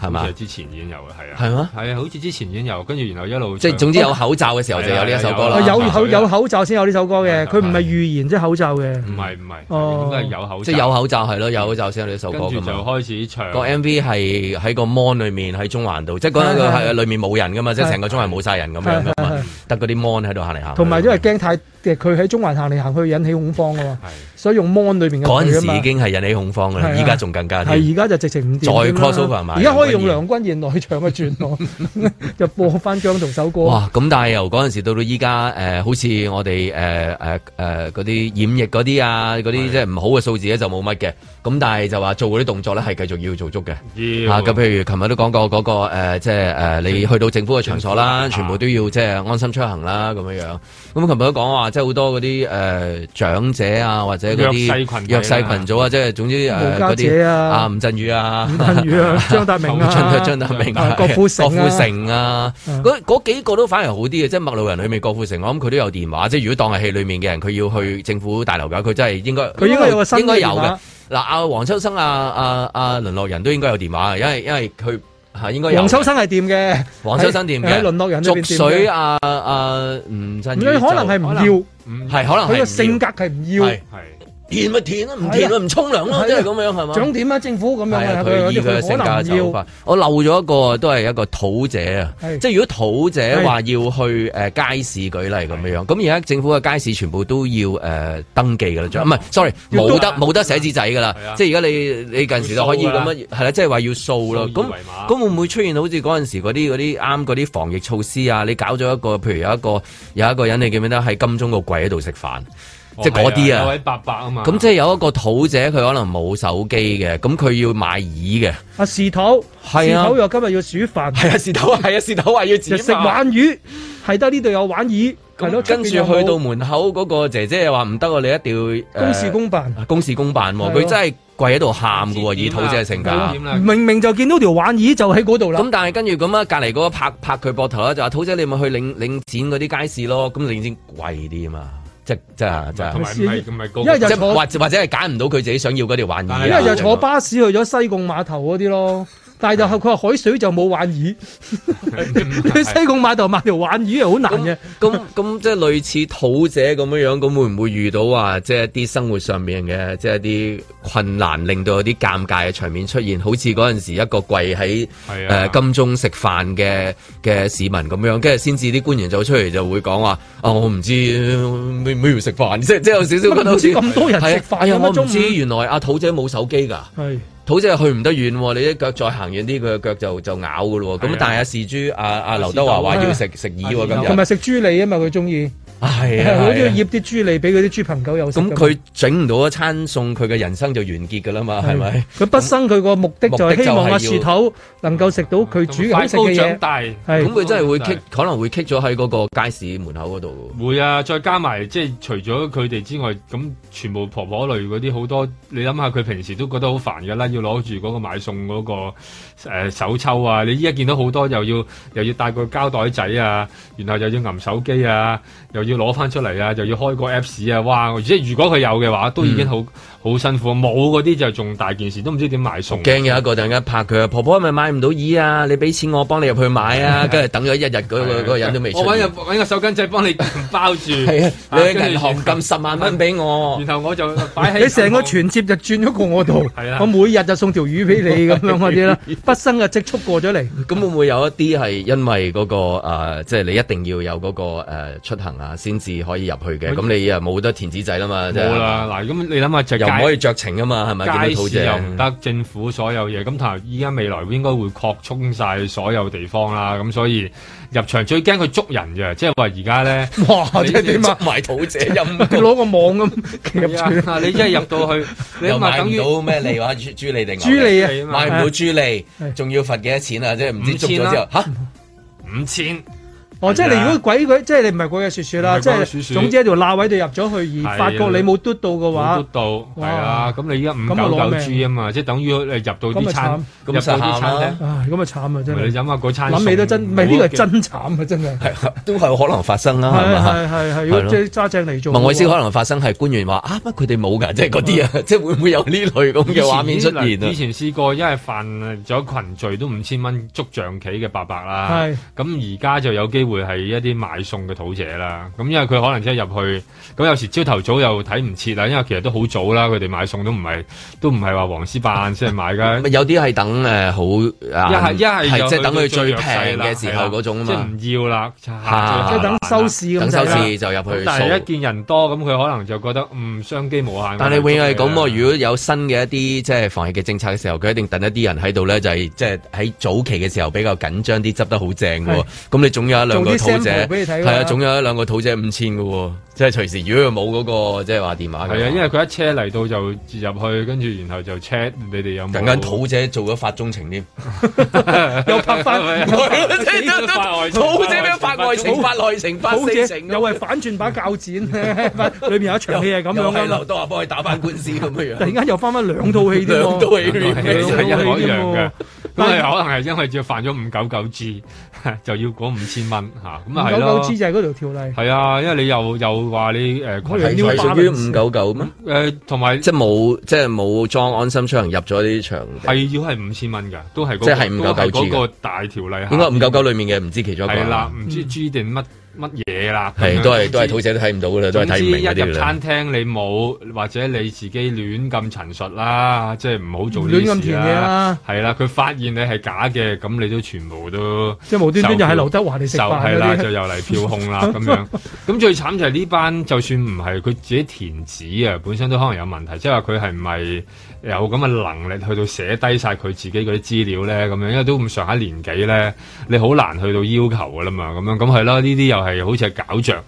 係嘛？之前已經有係啊，係啊，係啊，好似之前已經有。跟住然後一路，即係總之有口罩嘅時候就有呢一首歌啦。有有有口罩先有呢首歌嘅，佢唔係預言即係口罩嘅。唔係唔係，應該係有口罩，即係有口罩係咯，有口罩先有呢首歌㗎嘛。跟住就開始唱個 MV 係喺個 mon 裏面喺中環度，即係嗰陣個係裏面冇人㗎嘛，即係成個中環冇晒人咁樣啊嘛，得嗰啲 mon 喺度行嚟行。同埋因為驚太，佢喺中環行嚟行去引起恐慌啊嘛。所以用 mon 裏邊嘅嗰陣時已經係引起恐慌啦，依家仲更加啲。而家、啊、就直情唔掂啦。而家可以用梁君彥來去嘅個轉咯，又 [laughs] 播翻姜同首歌。哇！咁但係由嗰陣時到到依家，誒、呃、好似我哋誒誒誒嗰啲演繹嗰啲啊，嗰啲即係唔好嘅數字咧就冇乜嘅。咁但係就話做嗰啲動作咧係繼續要做足嘅。咁、yeah. 啊，譬如琴日都講過嗰、那個即係誒你去到政府嘅場所啦，全部都要即係、啊就是、安心出行啦咁樣樣。咁琴日都講話，即係好多嗰啲誒長者啊或者。弱勢弱勢群組啊，即係總之誒嗰啲啊，吳、啊、鎮宇啊，吳鎮宇啊，張達明啊，張 [laughs] 達明，啊，明啊，啊，郭富城啊，嗰嗰、啊啊、幾個都反而好啲嘅，、啊，即係麥路人裏面郭富城，我諗佢都有電話。即係如果當係戲裏面嘅人，佢要去政府大樓嘅，佢真係應該佢應該有個新電話。嗱，阿黃秋生、啊，阿阿淪落人都應該有電話，因為因為佢應該黃秋生係掂嘅，黃秋生掂嘅，淪落人再水啊。啊，阿吳鎮宇可能係唔要，係可能佢嘅、嗯、性格係唔要。田咪田唔田咪唔沖涼咯，即係咁樣係嘛？總點啊，政府咁樣以佢嘅個性格做法，我漏咗一個，都係一個土者啊，即係如果土者話要去誒街市舉例咁樣樣，咁而家政府嘅街市全部都要誒、呃、登記噶啦，唔係，sorry，冇得冇得寫字仔噶啦，即係而家你你，你近時就可以咁樣係啦，即係話要掃咯，咁咁會唔會出現好似嗰陣時嗰啲嗰啲啱嗰啲防疫措施啊？你搞咗一個，譬如有一個有一個人你記唔記得？喺金鐘個櫃喺度食飯。哦、即係嗰啲啊，位伯伯啊嘛。咁即係有一個土姐，佢可能冇手機嘅，咁佢要買魚嘅。阿士土係士土又今日要煮飯。係啊，士土係啊，啊，士土話、啊、要食鯇魚，係得呢度有鯇魚。嗯啊啊、跟住去到門口嗰個姐姐又話唔得啊，你一定要公事公辦。公事公辦喎、啊，佢、啊、真係跪喺度喊嘅喎，以土姐嘅性格、啊。明明就見到條鯇魚就喺嗰度啦。咁但係跟住咁啊，隔籬嗰個拍拍佢膊頭啦，就話土姐，你咪去領領展嗰啲街市咯，咁領展貴啲啊嘛。即即啊、那個，即係，因為又或或者係揀唔到佢自己想要嗰條玩意。因為就坐巴士去咗西貢碼頭嗰啲咯。但係就佢話海水就冇鲩魚，去 [laughs] 西貢碼頭買條鲩魚係好難嘅。咁咁即係類似土姐咁樣樣，咁會唔會遇到話即係一啲生活上面嘅即係一啲困難，令到有啲尷尬嘅場面出現？好似嗰陣時候一個跪喺誒、啊呃、金鐘食飯嘅嘅市民咁樣，跟住先至啲官員走出嚟就會講話：，啊、哦、我唔知每要食飯，即係即係有少少。咁多人食飯，是是哎、樣我唔知道原來阿土姐冇手機噶。土仔去唔得遠喎，你一腳再行遠啲，佢嘅腳就就咬㗎喎。咁但係阿士豬，阿、啊、阿、啊、劉德華話要食食耳喎，今日同埋食豬脷啊嘛，佢鍾意。係啊，好中意醃啲豬脷俾啲豬朋狗友食。咁佢整唔到一餐餸，佢嘅人生就完結噶啦嘛，係咪、啊？佢不、啊、生佢個、嗯、目的就係希望阿樹頭能夠到、嗯嗯、食到佢煮嘅嘢。長大，咁佢、啊啊、真係會 kick，可能會 kick 咗喺嗰個街市門口嗰度。會啊，再加埋即係除咗佢哋之外，咁全部婆婆類嗰啲好多，你諗下佢平時都覺得好煩噶啦，要攞住嗰個買餸嗰、那個、呃、手抽啊！你依家見到好多又要又要帶個膠袋仔啊，然後又要揞手機啊，又要～攞翻出嚟啊！就要開個 Apps 啊！哇，即係如果佢有嘅話，都已經好、嗯、好辛苦。冇嗰啲就仲大件事，都唔知點買餸。驚有一個突然間拍佢啊！婆婆係咪買唔到衣啊？你俾錢我幫你入去買啊！跟 [laughs] 住等咗一日，嗰、 [laughs] 那個人都未。我搵個手巾仔幫你包住。係 [laughs] 啊，你銀行撳十萬蚊俾我， [laughs] 然後我就擺喺你成個存摺就轉咗過我度。係 [laughs] 啊，我每日就送條魚俾你咁樣嗰啲啦。 [laughs] 是的 [laughs] 會畢生嘅積蓄過咗嚟，咁會唔會有一啲係因為嗰、那個誒、呃，即係你一定要有嗰、那個誒、呃、出行啊？先至可以入去嘅，咁、嗯、你啊冇得填紙仔啦嘛，冇啦。嗱，咁、啊、你諗下，就又唔可以酌情啊嘛，係咪？街市又唔得，政府所有嘢。咁但係依家未來應該會擴充晒所有地方啦。咁所以入場最驚佢捉人嘅，即係話而家咧，哇！即係你執埋土者，你攞 [laughs] 個網咁、啊、 [laughs] 你一入進到去， [laughs] 進去， [laughs] 去，又買唔到咩利， [laughs] 利，利啊？朱莉定朱莉？啊？買唔到朱莉？仲要罰幾多錢啊？即係唔知之後，吓五千、啊。哦，即係你如果鬼鬼，即係你唔係鬼嘅雪雪啦，即係總之喺條罅位度入咗去而發覺你冇嘟到嘅話，嘟到係啊，咁你依家五九九 G 啊嘛，即係等於你入到啲餐，入到餐咧，咁啊慘啊真係，飲下嗰餐，諗、就是、你都真，咪呢個、這個、真慘啊真係，係 [laughs] 都係可能發生啦，係咪啊？係係係，即係揸正嚟做。我意思可能發生係官員話啊，乜佢哋冇噶，即係嗰啲啊，即係會唔會有呢類咁嘅畫面出現啊？以前試過，因為犯咗群罪都五千蚊捉象棋嘅伯伯啦，係咁而家就有機。會係一啲買餸嘅土者啦，咁因為佢可能即係入去，咁有時朝頭早又睇唔切啦，因為其實都好早啦，佢哋買餸都唔係都唔係話黃絲棒先係買嘅， [laughs] 有啲係等誒好，一係一係即係等佢最平嘅時候嗰種啊嘛，即係唔要啦，即、啊、係等收市等收市就入去。但係一見人多，咁佢可能就覺得唔商機無限。但係永遠係咁喎，如果有新嘅一啲即係防疫嘅政策嘅時候，佢一定等一啲人喺度咧，就係即係喺早期嘅時候比較緊張啲，執得好正嘅喎。咁你仲有一。兩桃姐俾你睇，係啊，總有一兩個桃姐五千噶喎，啊、即係隨時如果冇嗰、那個，即係話電話，話。係啊，因為佢一車嚟到就接入去，跟住然後就 check 你哋有冇。突然間桃姐做咗法中情添， [laughs] 又拍翻桃姐咩法外情？法外情？桃、哦、又係反轉把鉸剪， [laughs] 裏面有一場戲咁樣嘅。劉幫佢打翻官司咁樣突然間又翻翻兩套戲套都一樣嘅。可能係因為仲犯咗五九九 G，就要嗰五千蚊。吓咁啊，係咯，九九支就係嗰條條例，係啊，因為你又又話你誒，係係屬於五九九咩？誒，同埋、呃、即係冇即係冇裝安心出行入咗呢場地，係要係五千蚊噶，都係、嗰個、即係五九九支嘅大條例，應該五九九裏面嘅唔知其中一個係啦，唔知支定乜。嗯乜嘢啦？係都係都係土仔都睇唔到噶啦，都係睇唔明，一入餐廳你，你冇或者你自己亂咁陳述啦，即係唔好做咁啲嘢啦。係、啊、啦，佢發現你係假嘅，咁你都全部都即係無端端又喺劉德華哋食飯、啊、就係啦，就又嚟票控啦咁樣。咁最慘就係呢班，就算唔係佢自己填紙啊，本身都可能有問題。即係話佢係唔係有咁嘅能力去到寫低晒佢自己嗰啲資料咧，咁樣因為都咁上下年紀咧，你好難去到要求噶啦嘛，咁樣咁係咯，呢啲又係好似係狡著，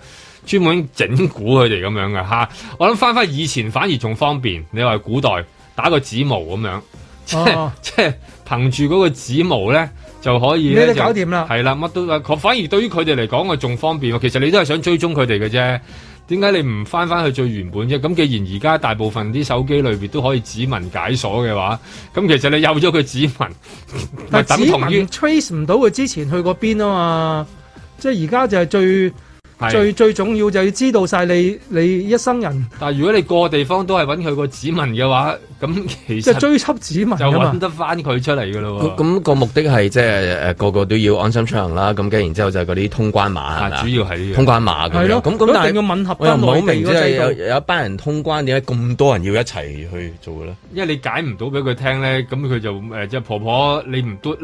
專門整蠱佢哋咁樣嘅、啊、我諗翻翻以前反而仲方便，你話古代打個指模咁樣，哦、即係即係憑住嗰個指模咧就可以，你搞掂啦，係啦，乜都反而對於佢哋嚟講，佢仲方便。其實你都係想追蹤佢哋嘅啫。點解你唔翻翻去最原本啫？咁既然而家大部分啲手機裏邊都可以指紋解鎖嘅話，咁其實你有咗佢指紋，係 [laughs] 但指紋笑等同於 trace 唔到佢之前去過邊啊嘛？即係而家就係最。啊、最最重要就要知道晒你你一生人。但係如果你個地方都係揾佢個指紋嘅話，咁其實追測指紋就揾得翻佢出嚟㗎咯喎。咁個、啊、個目的係即係誒個個都要安心出行啦。咁跟然之後就係嗰啲通關碼啦。主要係通關碼。咁、啊啊、但點樣吻合得落即係有有一班人通關點解咁多人要一齊去做咧？因為你解唔到俾佢聽咧，咁佢就即係、呃就是、婆婆，你唔嘟呢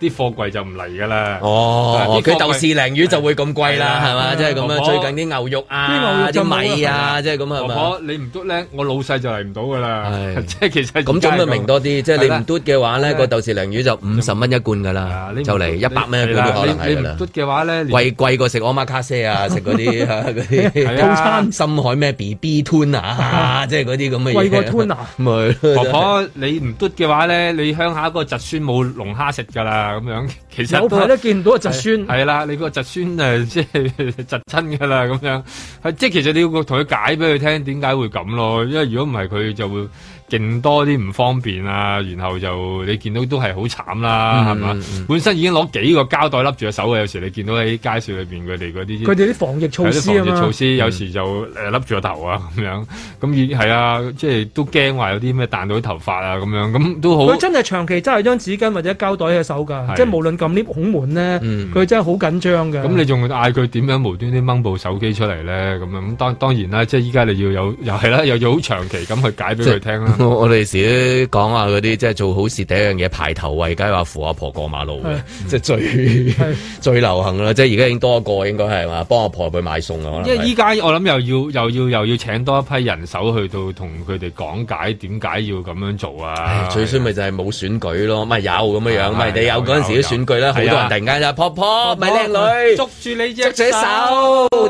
咧，啲貨櫃就唔嚟㗎啦。哦，佢豆豉鯪魚就會咁貴啦，係嘛、啊？即係咁樣，最近啲牛肉啊，啲米啊，即係咁啊婆婆，你唔嘟呢，咧，我老細就嚟唔到噶啦。即係其實咁就明多啲。即係你唔嘟嘅話咧，個豆豉鯪魚就五十蚊一罐噶啦、啊，就嚟一百蚊一罐都可能係、啊、你嘟嘅話咧，貴貴過食奧瑪卡西啊，食嗰啲嗰啲套餐，深海咩 BB 吞啊，即係嗰啲咁嘅嘢，貴過吞啊！咪，就是啊啊、婆婆，你唔嘟嘅話咧，你鄉下個侄孫冇龍蝦食噶啦，咁 [laughs] 樣其實老婆都見唔到個侄孫。係啦，你個侄孫誒，即係。窒親㗎啦咁樣，係即係其實你要同佢解俾佢聽點解會咁咯，因為如果唔係佢就會。勁多啲唔方便啊，然後就你見到都係好慘啦，係、嗯、嘛、嗯嗯，本身已經攞幾個膠袋笠住個手啊，有時你見到喺街市裏邊佢哋啲，佢哋啲防疫措施有啲防疫措施，啊，有時就誒笠住個頭啊咁樣，咁已係啊，即係都驚話有啲咩彈到啲頭髮啊咁樣，咁都好。佢真係長期揸住張紙巾或者膠袋喺手噶，即係無論撳啲孔門咧，佢，嗯、真係好緊張嘅。咁你仲會嗌佢點樣無端端掹部手機出嚟咧。咁啊咁當當然啦，即係依家你要有，嗯、又係啦，又要好長期咁去解俾佢聽啦。 [music] 我哋時都講下嗰啲即係做好事第一樣嘢排頭位，梗係話扶阿婆過馬路，即係、就是、最最流行啦。即係而家已經多一個應該係嘛？幫阿婆去買餸啊！因為依家我諗又要又要又要請多一批人手去到同佢哋講解點解要咁樣做啊？最衰咪就係冇選舉咯，咪有咁樣樣咪、啊、你有嗰陣時啲選舉啦，好多人突然間就、啊、婆婆咪靚女捉住你隻手，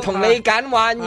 同你揀鯇魚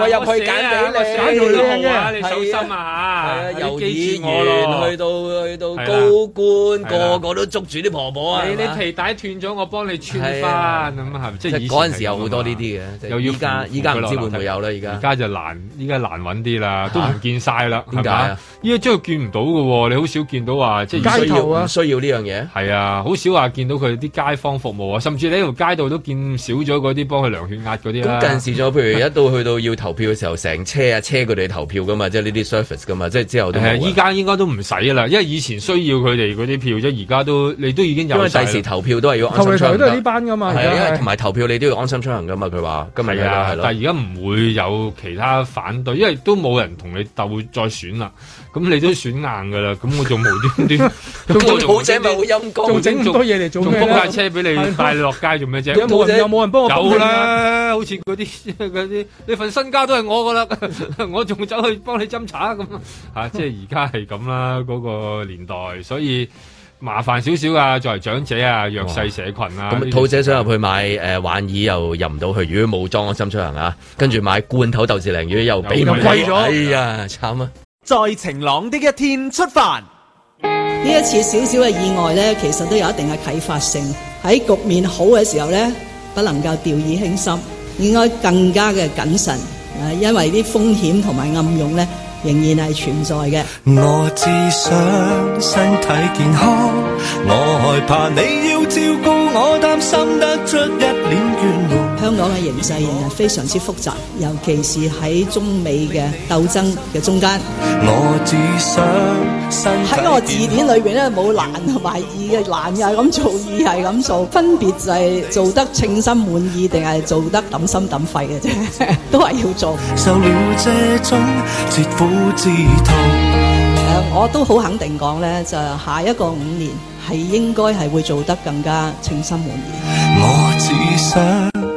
我入去揀俾你，揀條好你小心啊！由議員去到去到高官，個個都捉住啲婆婆啊！你皮帶斷咗，我幫你穿翻。咁係即係嗰陣時有好多呢啲嘅。又要家依家唔知會唔會有啦。而家依家就難，依家難揾啲啦，都唔見晒啦。點解？依家真係見唔到㗎喎！你好少見到話即係街頭啊，需要呢樣嘢係啊，好少話見到佢啲街坊服務啊，甚至喺條街道都見少咗嗰啲幫佢量血壓嗰啲啦。咁近時咗， [laughs] 譬如一到去到要投票嘅時候，成車啊車佢哋投票噶嘛，即係呢啲 service 噶嘛，即係、就是、之後。係，依家應該都唔使啦，因為以前需要佢哋嗰啲票啫，而家都你都已經有了。因為第時投票都係要安心出行，同埋佢都係呢班噶嘛。係啊，同埋投票你都要安心出行噶嘛。佢話，今日係啊，但係而家唔會有其他反對，因為都冇人同你鬥再選啦。咁你都算硬噶啦，咁我仲無端端， [laughs] 我端端做兔仔咪好陰功，做整咁多嘢嚟做咩？租架車俾你帶你落街做咩啫？有冇人幫我啦，好似嗰啲啲，你份身家都係我噶啦，我仲走去幫你斟茶咁啊！即係而家係咁啦，嗰、嗰個年代，所以麻煩少少噶，作為長者啊、弱勢社羣啊，兔姐想入去買誒、呃、玩意又入唔到去，如果冇裝我心傷嚇、啊，跟住買罐頭豆豉鯪魚又俾咁到，貴、啊、咗，哎呀，慘啊！在晴朗的一天出發，呢一次少少嘅意外咧，其實都有一定嘅啟發性。喺局面好嘅時候咧，不能夠掉以輕心，應該更加嘅謹慎。誒，因為啲風險同埋暗湧咧，仍然係存在嘅。我只想身體健康，我害怕你要照顧我，擔心得出一臉倦容。香港嘅形勢仍然非常之複雜，尤其是喺中美嘅鬥爭嘅中間。喺我，想我的字典裏邊咧，冇難同埋易嘅，難又係咁做，易係咁做，分別就係做得稱心滿意定係做得揼心揼肺嘅啫，都係要做。受了這種切膚之痛，誒、呃，我都好肯定講咧，就下一個五年係應該係會做得更加稱心滿意。我只想。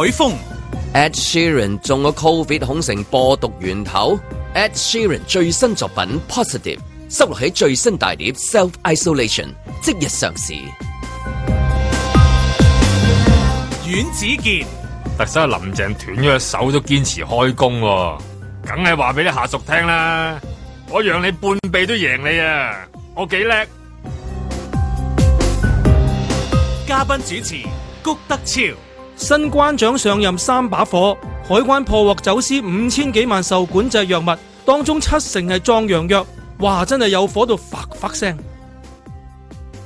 海風，Ed Sheeran 中咗 Covid 恐成播毒源頭。Ed Sheeran 最新作品 Positive，收錄喺最新大碟 Self Isolation，即日上市。阮子健，特首林鄭斷咗隻手都堅持開工啊，梗係話俾你下屬聽啦。我讓你半臂都贏你啊！我幾叻。嘉賓主持谷德昭。新關長上任三把火，海關破獲走私五千幾萬受管制藥物，當中七成係壯陽藥，哇！真係有火到發發聲，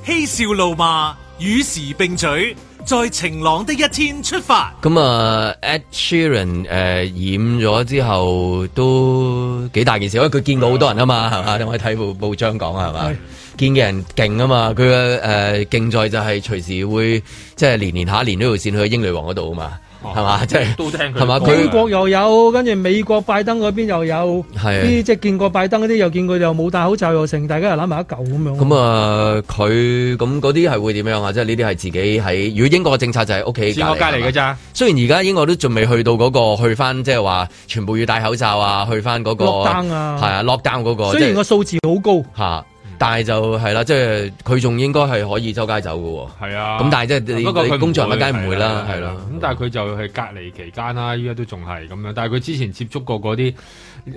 嬉笑怒罵，與時並舉，在晴朗的一天出發。咁啊，呃，Ed Sheeran 誒、呃，染咗之後都幾大件事，因為佢見過好多人啊嘛，係嘛？你可以睇部報章講啊，係嘛？是見嘅人勁啊嘛，佢嘅誒競賽就係隨時會即係年年下一年呢條線去英女王嗰度啊嘛，係嘛即係，係嘛、就是、英國又有，跟住美國拜登嗰邊又有，即係見過拜登嗰啲又見佢又冇戴口罩又成，大家又攬埋一嚿咁樣。咁、嗯、啊，佢咁嗰啲係會點樣啊？即係呢啲係自己喺如果英國嘅政策就係屋企自我隔離嘅咋。雖然而家英國都仲未去到嗰、那個去翻，即係話全部要戴口罩去、那個 lockdown、啊，去翻嗰個係啊 lockdown 嗰、那個。雖然個數字好高吓。啊但係就係啦，即係佢仲應該係可以周街走㗎喎。係啊，咁但係即係你不工作乜梗唔會啦，係啦，咁但係佢就係隔離期間啦，依家都仲係咁樣。但係佢之前接觸過嗰啲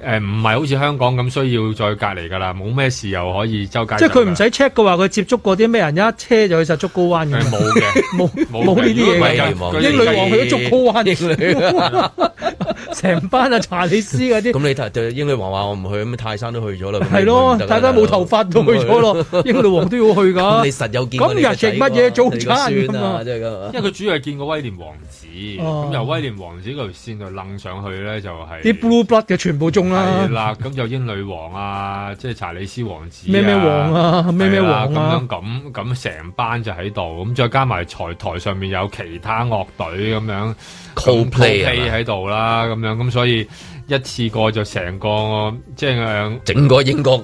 誒，唔係好似香港咁需要再隔離㗎啦，冇咩事又可以周街走。即係佢唔使 check 嘅話，佢接觸過啲咩人，一車就去晒竹篙灣嘅。冇、嗯、嘅，冇冇呢啲嘢，英女王去咗竹篙灣。 [laughs] 成班啊查理斯嗰啲咁你就英女王話我唔去咁，泰山都去咗啦。係咯，泰山冇頭髮都去咗咯。 [laughs] 英女王都要去噶。咁你實有見你。咁你日食乜嘢早餐啊？因為佢主要係見過威廉王子，咁、啊、由威廉王子嗰條線就楞上去咧、就是，就、啊、係。啲 blue blood 嘅全部中啦。係啦，咁就英女王啊，即、就、係、是、查理斯王子、啊。咩咩王啊？咩咩王啊？咁、啊、樣咁咁成班就喺度，咁再加埋財台，台上面有其他樂隊咁樣。Coldplay 喺度啦，咁。咁所以一次過就成個即係、就是、整個英國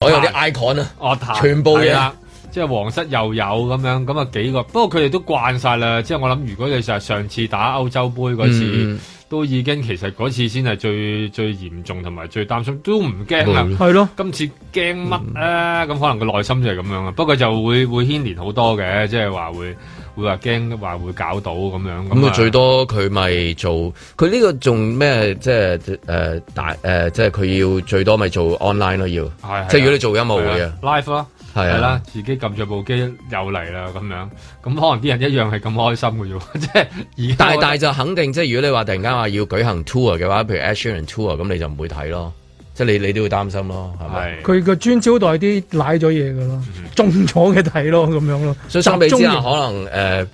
所有啲 icon 啊，全部嘢，即係、就是、皇室又有咁樣，咁啊幾個，不過佢哋都慣晒啦。即、就、係、是、我諗，如果你就上次打歐洲杯嗰次、嗯，都已經其實嗰次先係最最嚴重同埋最擔心，都唔驚啦。係、嗯、咯、啊，今次驚乜啊？咁、嗯、可能個內心就係咁樣啊。不過就會會牽連好多嘅，即係話會。會話驚，話會搞到咁樣。咁佢最多佢咪做佢呢個仲咩？即係誒大誒，即係佢要最多咪做 online 咯。要，即係如果你做音樂會啊 live 咯，係啦，自己撳著部機又嚟啦咁樣。咁可能啲人一樣係咁開心嘅啫。即係而但係但就肯定，即係如果你話突然間話要舉行 tour 嘅話，譬如 action and tour 咁，你就唔會睇咯。即係你，你都會擔心咯，係咪？佢個專招待啲賴咗嘢㗎咯，中咗嘅睇咯，咁樣咯。所以相比之下，中可能誒。呃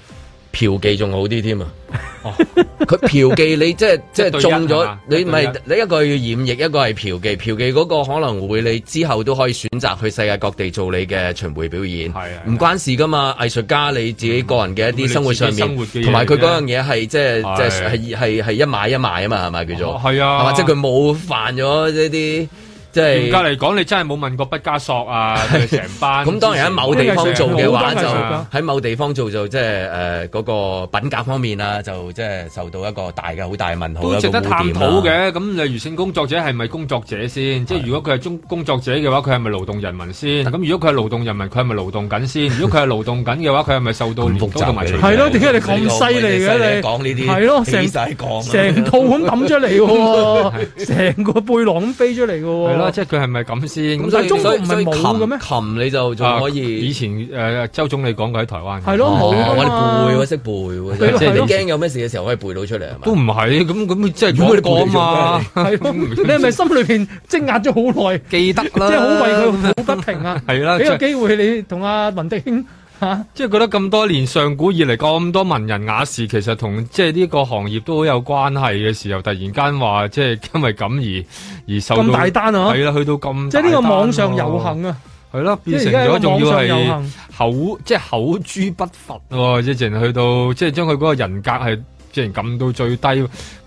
嫖妓仲好啲添啊！佢 [laughs] 嫖妓你即係即係中咗你唔係你一個要染疫，一個係嫖妓，嫖妓嗰個可能會你之後都可以選擇去世界各地做你嘅巡回表演，係唔關事噶嘛？藝術家你自己個人嘅一啲生活上面，同埋佢嗰樣嘢係即係即係係係係一買一賣啊嘛，係咪叫做？係啊，係嘛即係佢冇犯咗呢啲。即係嚴格嚟講，你真係冇問過畢加索啊，佢成 [laughs] 班一。咁 [laughs] 當然喺某地方做嘅話，就喺某地方做就即係誒嗰個品格方面啊，就即係受到一個大嘅好大嘅問號。都值得探討嘅。咁、嗯、例如性工作者係咪工作者先？即係如果佢係中工作者嘅話，佢係咪勞動人民先？咁如果佢係勞動人民，佢係咪勞動緊先？ [laughs] 如果佢係勞動緊嘅話，佢係咪受到咁 [laughs] 複雜？係咯？點解你咁犀利嘅你？係咯成世講、啊，成套咁抌出嚟喎、啊，成 [laughs] 個背囊咁飛出嚟喎、啊。 [laughs] [laughs] [laughs] 即係佢係咪咁先？咁但係中國唔係冇嘅咩？琴你就仲可以。以前誒周總理講過喺台灣。係咯，我哋背啊，識背即係你驚有咩事嘅時候可以背到出嚟係咪？都唔係咁咁，即係講佢哋講啊嘛。係，你係咪心裏邊積壓咗好耐？記得啦，即係好為佢好不平啊！係啦，俾個機會你同阿文迪兄。即係覺得咁多年上古以嚟咁多文人雅士，其實同即係呢個行業都好有關係嘅時候，突然間話即係因為咁而而受到咁大單啊！係啦，去到咁、啊、即係呢個網上遊行啊！係咯，變成咗仲要係口即係口誅筆伐、啊，一直去到即係將佢嗰個人格係。之前撳到最低，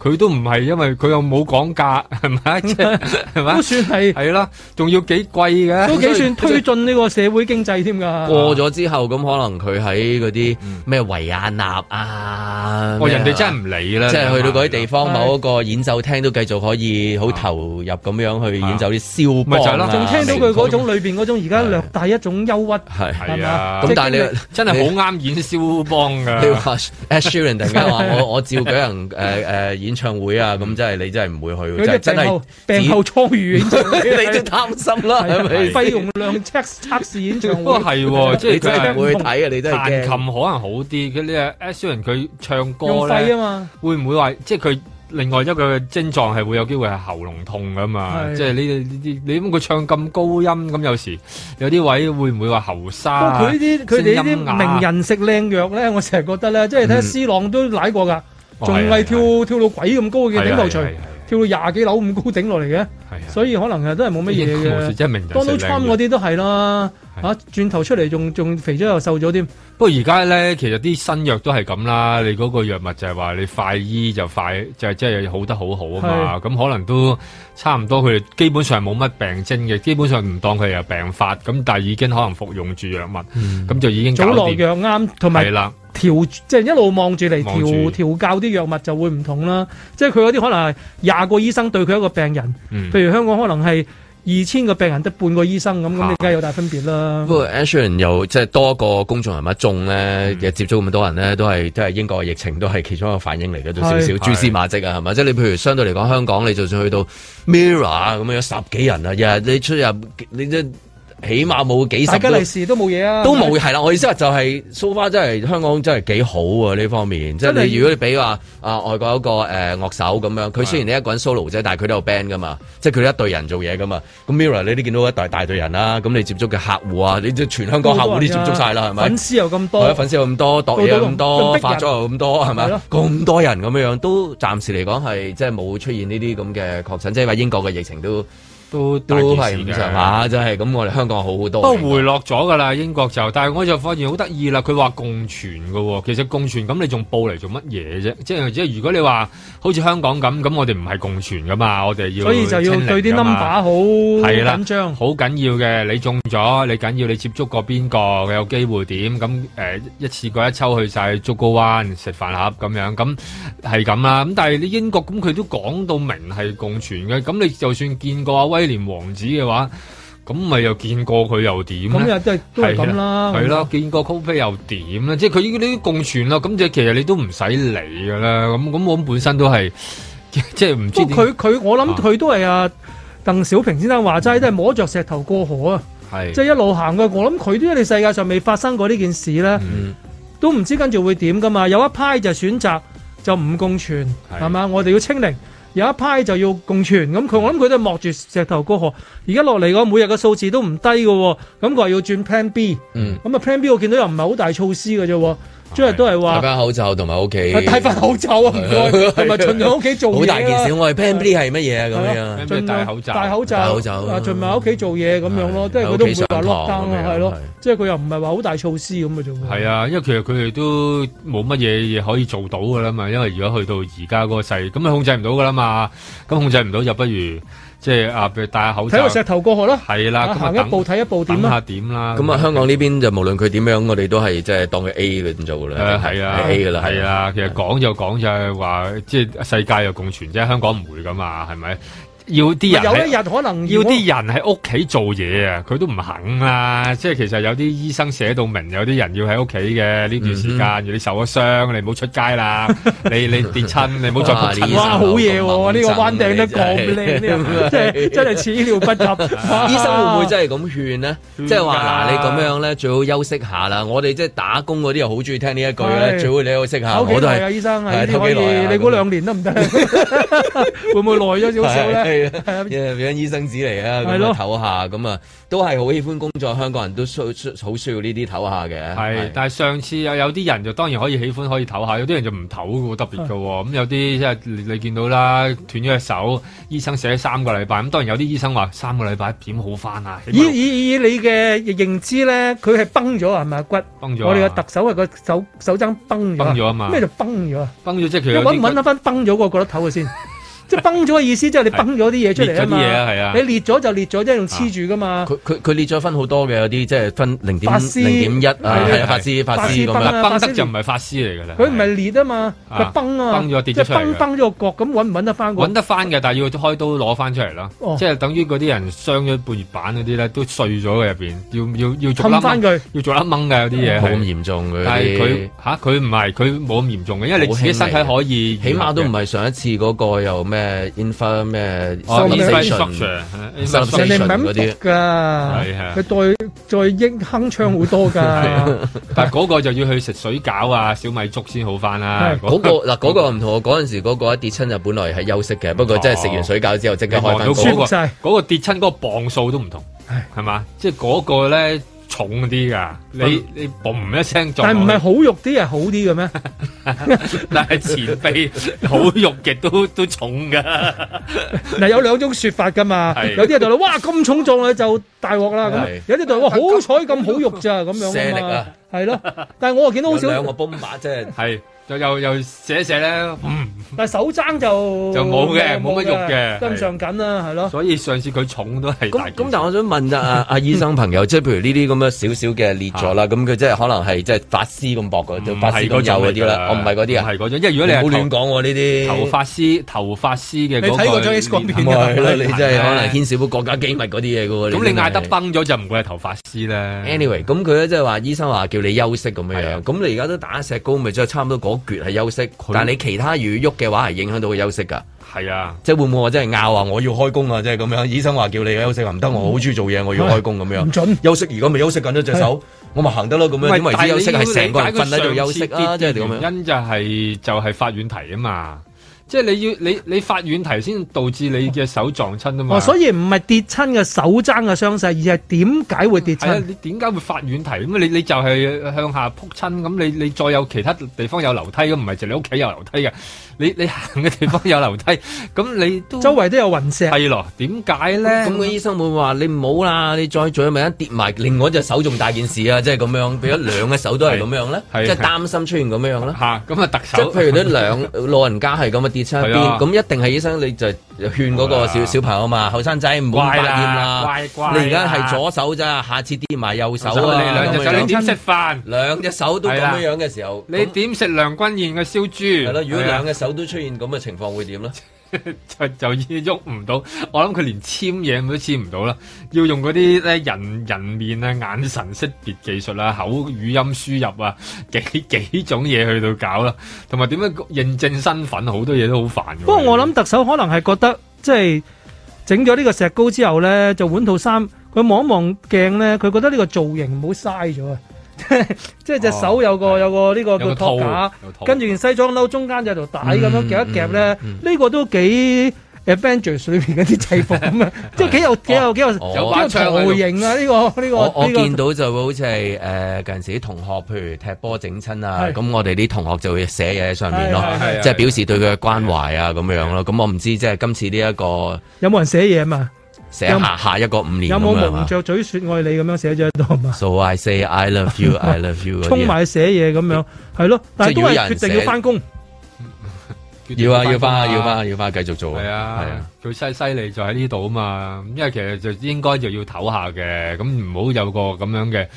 佢都唔係，因為佢又冇講價，係咪？即係係都算係係啦，仲 [laughs] 要幾貴嘅，都幾算推進呢個社會經濟添㗎。過咗之後，咁可能佢喺嗰啲咩維也納啊，嗯、人哋真係唔理啦，即、就、係、是、去到嗰啲地方，某一個演奏廳都繼續可以好投入咁樣去演奏啲肖邦、啊。咪就咯，仲聽到佢嗰種裏面嗰種而家略帶一種憂鬱。係係啊，咁但係你，你真係好啱演肖邦㗎。 [laughs] 你說 s h [laughs] [laughs] 我照舉行誒誒演唱會啊，咁真係你真係唔會去， [laughs] 真係病後初愈，你都擔心啦。費用量測測試演唱會，不過係即係佢係會去睇啊！ [laughs] 你真係彈琴可能好啲，佢呢雖然佢唱歌呢嘛，會唔會話即係佢？就是另外一個症狀係會有機會係喉嚨痛嘅嘛，即係你你你，你咁佢唱咁高音咁，有時有啲位會唔會話喉生？佢啲佢哋啲名人食靚藥咧，我成日覺得咧，即係睇下斯朗都舐過噶，仲、嗯、係、哦、跳、哦啊啊、跳到鬼咁高嘅頂頭錘、啊啊啊啊，跳到廿幾樓咁高頂落嚟嘅，所以可能誒都係冇乜嘢嘅。d o n a 嗰啲都係啦。嗯嗯嗯。啊！轉頭出嚟仲仲肥咗又瘦咗添。不過而家咧，其實啲新藥都係咁啦。你嗰個藥物就係話你快醫就快，就係即係好得好好啊嘛。咁可能都差唔多，佢哋基本上冇乜病徵嘅，基本上唔當佢係病發。咁但係已經可能服用住藥物，咁、嗯、就已經早落藥啱，同埋係啦調，即係一路望住嚟調調教啲藥物就會唔同啦。即係佢嗰啲可能係廿個醫生對佢一個病人、嗯，譬如香港可能係。二千個病人得半個醫生咁，咁你梗係有大分別啦、嗯。不過 Ashwin 又即係多個公眾人物中咧，亦、嗯、接觸咁多人咧，都係都係英國嘅疫情都係其中一個反應嚟嘅，都少少蛛絲馬跡啊，係咪？即係你譬如相對嚟講香港，你就算去到 Mirror 咁樣有十幾人啊，日日你出入你即。你起碼冇幾十，大家利是都冇嘢啊，都冇係啦。我意思就係 show 翻真係香港真係幾好喎。呢方面，即係你如果你俾話啊外國有個誒、呃、樂手咁樣，佢雖然你一個人是是 solo 啫，但係佢都有 band 噶嘛，即係佢一隊人做嘢噶嘛。咁 Mirror 你都見到一大大隊人啦、啊，咁你接觸嘅客戶啊，你全香港客戶你接觸晒啦，係咪、啊？粉絲又咁多，係啊，粉絲又咁多，代言咁多，化妝又咁多，係咪？咁多，多人咁樣樣都暫時嚟講係即係冇出現呢啲咁嘅確診，即係話英國嘅疫情都。都都係咁上下，真係咁。我哋香港好好多，都回落咗㗎啦。英國就，但係我就發現好得意啦。佢話共存嘅喎、哦，其實共存。咁你仲報嚟做乜嘢啫？即係即係如果你話好似香港咁，咁我哋唔係共存㗎嘛。我哋要所以就要對啲 number 好緊張，好緊要嘅。你中咗，你緊要你接觸過邊個？有機會點？咁誒、呃、一次過一抽去晒竹篙灣食飯盒咁樣咁係咁啦。咁、啊、但係你英國咁佢都講到明係共存嘅。咁你就算見過威廉王子嘅話，咁咪又見過佢又點咧？咁又都係都係咁啦，係啦、啊，見過高飛又點咧？即係佢呢啲共存啦，咁即係其實你都唔使理噶啦。咁咁我本身都係即係唔知佢佢我諗佢都係阿鄧小平先生話齋，都係摸着石頭過河啊。係即係一路行嘅，我諗佢都你世界上未發生過呢件事咧，嗯，都唔知跟住會點噶嘛？有一批就選擇就唔共存係嘛，我哋要清零。有一派就要共存，咁佢我諗佢都係摸住石頭過河。而家落嚟嗰每日嘅數字都唔低喎，咁佢話要轉 Plan B，咁、嗯、啊 Plan B 我見到又唔係好大措施咋啫。即、就、係、是、都係話戴翻口罩同埋屋企，戴翻口罩啊！同埋盡量屋企做。好大件事，我係 Plan 係係乜嘢啊？咁樣，即係戴口罩，戴口罩，啊，盡量屋企做嘢咁樣咯。即係佢都唔會話落單咯，係咯。即係佢又唔係話好大措施咁嘅做。係啊，因為其實佢哋都冇乜嘢嘢可以做到㗎啦嘛。因為如果去到而家嗰個咁佢控制唔到㗎啦嘛。咁控制唔到，就不如。即、就、係、是、啊，譬如戴下口罩，睇個石頭過河咯，係啦、啊，行、啊嗯、一步睇一步點啦。咁啊，啊香港呢邊就無論佢點樣，我哋都係即係當佢 A 嘅咁做啦。係啊、就是、啊，A 嘅啦，係啊，啊，啊。其實講就講就係話，即、就、係、是、世界又共存，即係香港唔會噶嘛，係咪？要啲人有一日可能要啲人喺屋企做嘢啊！佢都唔肯啦，即係其實有啲醫生寫到明，有啲人要喺屋企嘅呢段時間，如果、嗯、你受咗傷，你唔好出街啦、嗯，你跌 [laughs] 你跌親，你唔好再跌親。哇！好嘢喎，呢、哦這個彎掟得咁靚，即係、就是、 [laughs] 真係始料不及。 [laughs] 醫生會唔會真係咁勸呢？ [laughs] 即係話嗱，你咁樣咧，最好休息下啦。我哋即係打工嗰啲又好中意聽呢一句咧，最好你休息下。好幾耐啊，醫生啊，幾可以你估兩年都唔得， [laughs] [laughs] 會唔會耐咗少少咧？俾 [laughs] 張醫生紙嚟啊，咁啊唞下，咁啊都係好喜歡工作。香港人都需好需要呢啲唞下嘅。係，但係上次有有啲人就當然可以喜歡可以唞下，有啲人就唔唞嘅，特別嘅、哦。咁、嗯、有啲即係你見到啦，斷咗隻手，醫生寫三個禮拜。咁、嗯、當然有啲醫生話三個禮拜點好翻啊？以以以你嘅認知咧，佢係崩咗係咪骨？崩咗、啊。我哋個特首係個手手踭崩咗。崩咗啊嘛。咩就崩咗？崩咗即係佢。揾得翻崩咗先。 [laughs] [laughs] 即係崩咗嘅意思，即係你崩咗啲嘢出嚟啊，你裂咗就裂咗，即係用黐住噶嘛佢。佢佢裂咗分好多嘅有啲，即、就、係、是、分零點零點一，係法師，法師，法師，法師崩、啊，崩得就唔係法師嚟噶啦。佢唔係裂啊嘛，佢崩啊，即係崩崩咗個角咁，揾唔揾得翻、佢？揾得翻嘅，但係要開刀攞翻出嚟囉。哦、即係等於嗰啲人傷咗半月板嗰啲咧，都碎咗嘅入邊，要要要做翻佢。要做一掹嘅嗰啲嘢。好嚴重嘅，但係佢吓佢唔係，佢冇咁嚴重嘅，因為你自己身體可以，起碼都唔係上一次嗰個又咩。咩 information 人哋唔係咁熟佢再再抑哼唱好多噶、嗯。 [laughs] 但嗰個就要去食水餃啊，小米粥先好翻啦。嗰個嗱，嗰、嗰個唔、嗰個、同我嗰陣時，嗰個一跌親就本來係休息嘅，不過真係食完水餃之後即刻開翻嗰、嗰個嗰個跌親嗰個磅數都唔同，係嘛？即係嗰個咧。重啲噶，你你嘣一聲撞，但係唔係好 [laughs] [laughs] 前 [laughs] 肉啲係好啲嘅咩？但係前臂好肉極都都重噶，嗱 [laughs] 有兩種說法噶嘛，有啲人就話、是、 [laughs] 哇咁重撞啊就大鑊啦，咁有啲就話、是、好彩咁好肉咋咁樣啊，係咯， [laughs] 但係我又見到好少兩個泵把即係。 [laughs] 就又又寫寫咧，嗯，但手踭就就冇嘅，冇乜用嘅，跟上緊啦、啊，係咯。所以上次佢重都係咁但我想問阿阿、 [laughs] 啊、醫生朋友，即係譬如呢啲咁樣少少嘅裂咗啦，咁、啊、佢即係可能係即係髮絲咁薄啲，髮絲咁幼嗰啲啦，我唔係嗰啲啊，唔係嗰種，因為如果你好冇亂講喎呢啲頭髮絲、頭髮絲嘅嗰個，唔你，、啊、你真係可能牽涉到國家機密嗰啲嘢嘅喎。咁 [laughs] 你嗌得崩咗就唔會係頭髮絲啦。Anyway，咁佢即係話醫生話叫你休息咁樣樣，咁你而家都打石膏，咪、就、再、是、差唔多、那個係休，、啊、休息，但係你其他如喐嘅話，係影響到佢休息噶。係啊，即係會唔會我真係拗啊？我要開工啊！即係咁樣，醫生話叫你休息又唔得，我好中意做嘢，我要開工咁樣。准休息，如果咪休息緊咗隻手，我咪行得咯。咁樣點為休息？係成個人瞓喺度休息啊！即係咁樣。因就係、是、就係、是、法院提啊嘛。即係你要你你發軟蹄先導致你嘅手撞親啊嘛 [laughs] 所以唔係跌親嘅手踭嘅傷勢，而係點解會跌親？你點解、嗯啊、會發軟蹄？咁你你就係向下扑親，咁你你再有其他地方有樓梯咁，唔係就你屋企有樓梯嘅。 [laughs] 你你行嘅地方有樓梯，咁你周圍都有雲石，係咯？點解咧？咁個醫生會話你唔好啦，你再做咪跌埋，另外隻手仲大件事啊，即係咁樣，俾咗兩隻手都係咁樣咧，即係擔心出現咁樣樣咧。吓，咁啊特首，即係譬如啲兩老人家係咁啊跌出邊，咁一定係醫生你就。就勸嗰個小小朋友啊嘛，後生仔唔好發炎啦,啦,啦。你而家係左手咋，下次跌埋右手啊。你兩隻手你點食飯？兩、就、只、是就是、手都咁樣樣嘅時候，你點食梁君彥嘅燒豬？係咯，如果兩隻手都出現咁嘅情況，會點咧？ [laughs] [laughs] 就就已喐唔到，我諗佢連簽嘢都簽唔到啦，要用嗰啲咧人人面啊、眼神識別技術啦、口語音輸入啊，幾幾種嘢去到搞啦，同埋點樣認證身份，好多嘢都好煩。不過我諗特首可能係覺得，即係整咗呢個石膏之後咧，就換套衫。佢望一望鏡咧，佢覺得呢個造型唔好嘥咗啊。 [laughs] 即係即隻手有個、哦、有個呢個叫托架，跟住件西裝褸中間有條帶咁樣夾一夾咧，呢、嗯嗯嗯這個都幾誒 bandage 水平嗰啲制服咁啊！ [laughs] 即係幾挺有幾 [laughs] 有幾有幾有圖形啊！呢、這個呢、這個呢我我見到就會好似係誒近時啲同學，譬如踢波整親啊，咁我哋啲同學就會寫嘢喺上面咯，即係、就是、表示對佢嘅關懷啊咁樣咯。咁我唔知即係今次呢、這、一個有冇人寫嘢啊？寫下下一個五年啊嘛，有冇蒙著嘴說愛你咁樣寫咗喺度嘛？So I say I love you, I love you。衝埋寫嘢咁樣，係咯。但係都係決定要翻工。要啊，要翻啊，要翻啊，要翻，繼續做啊。係啊，佢犀犀利就喺呢度啊嘛。咁因為其實就應該就要唞下嘅，咁唔好有個咁樣嘅。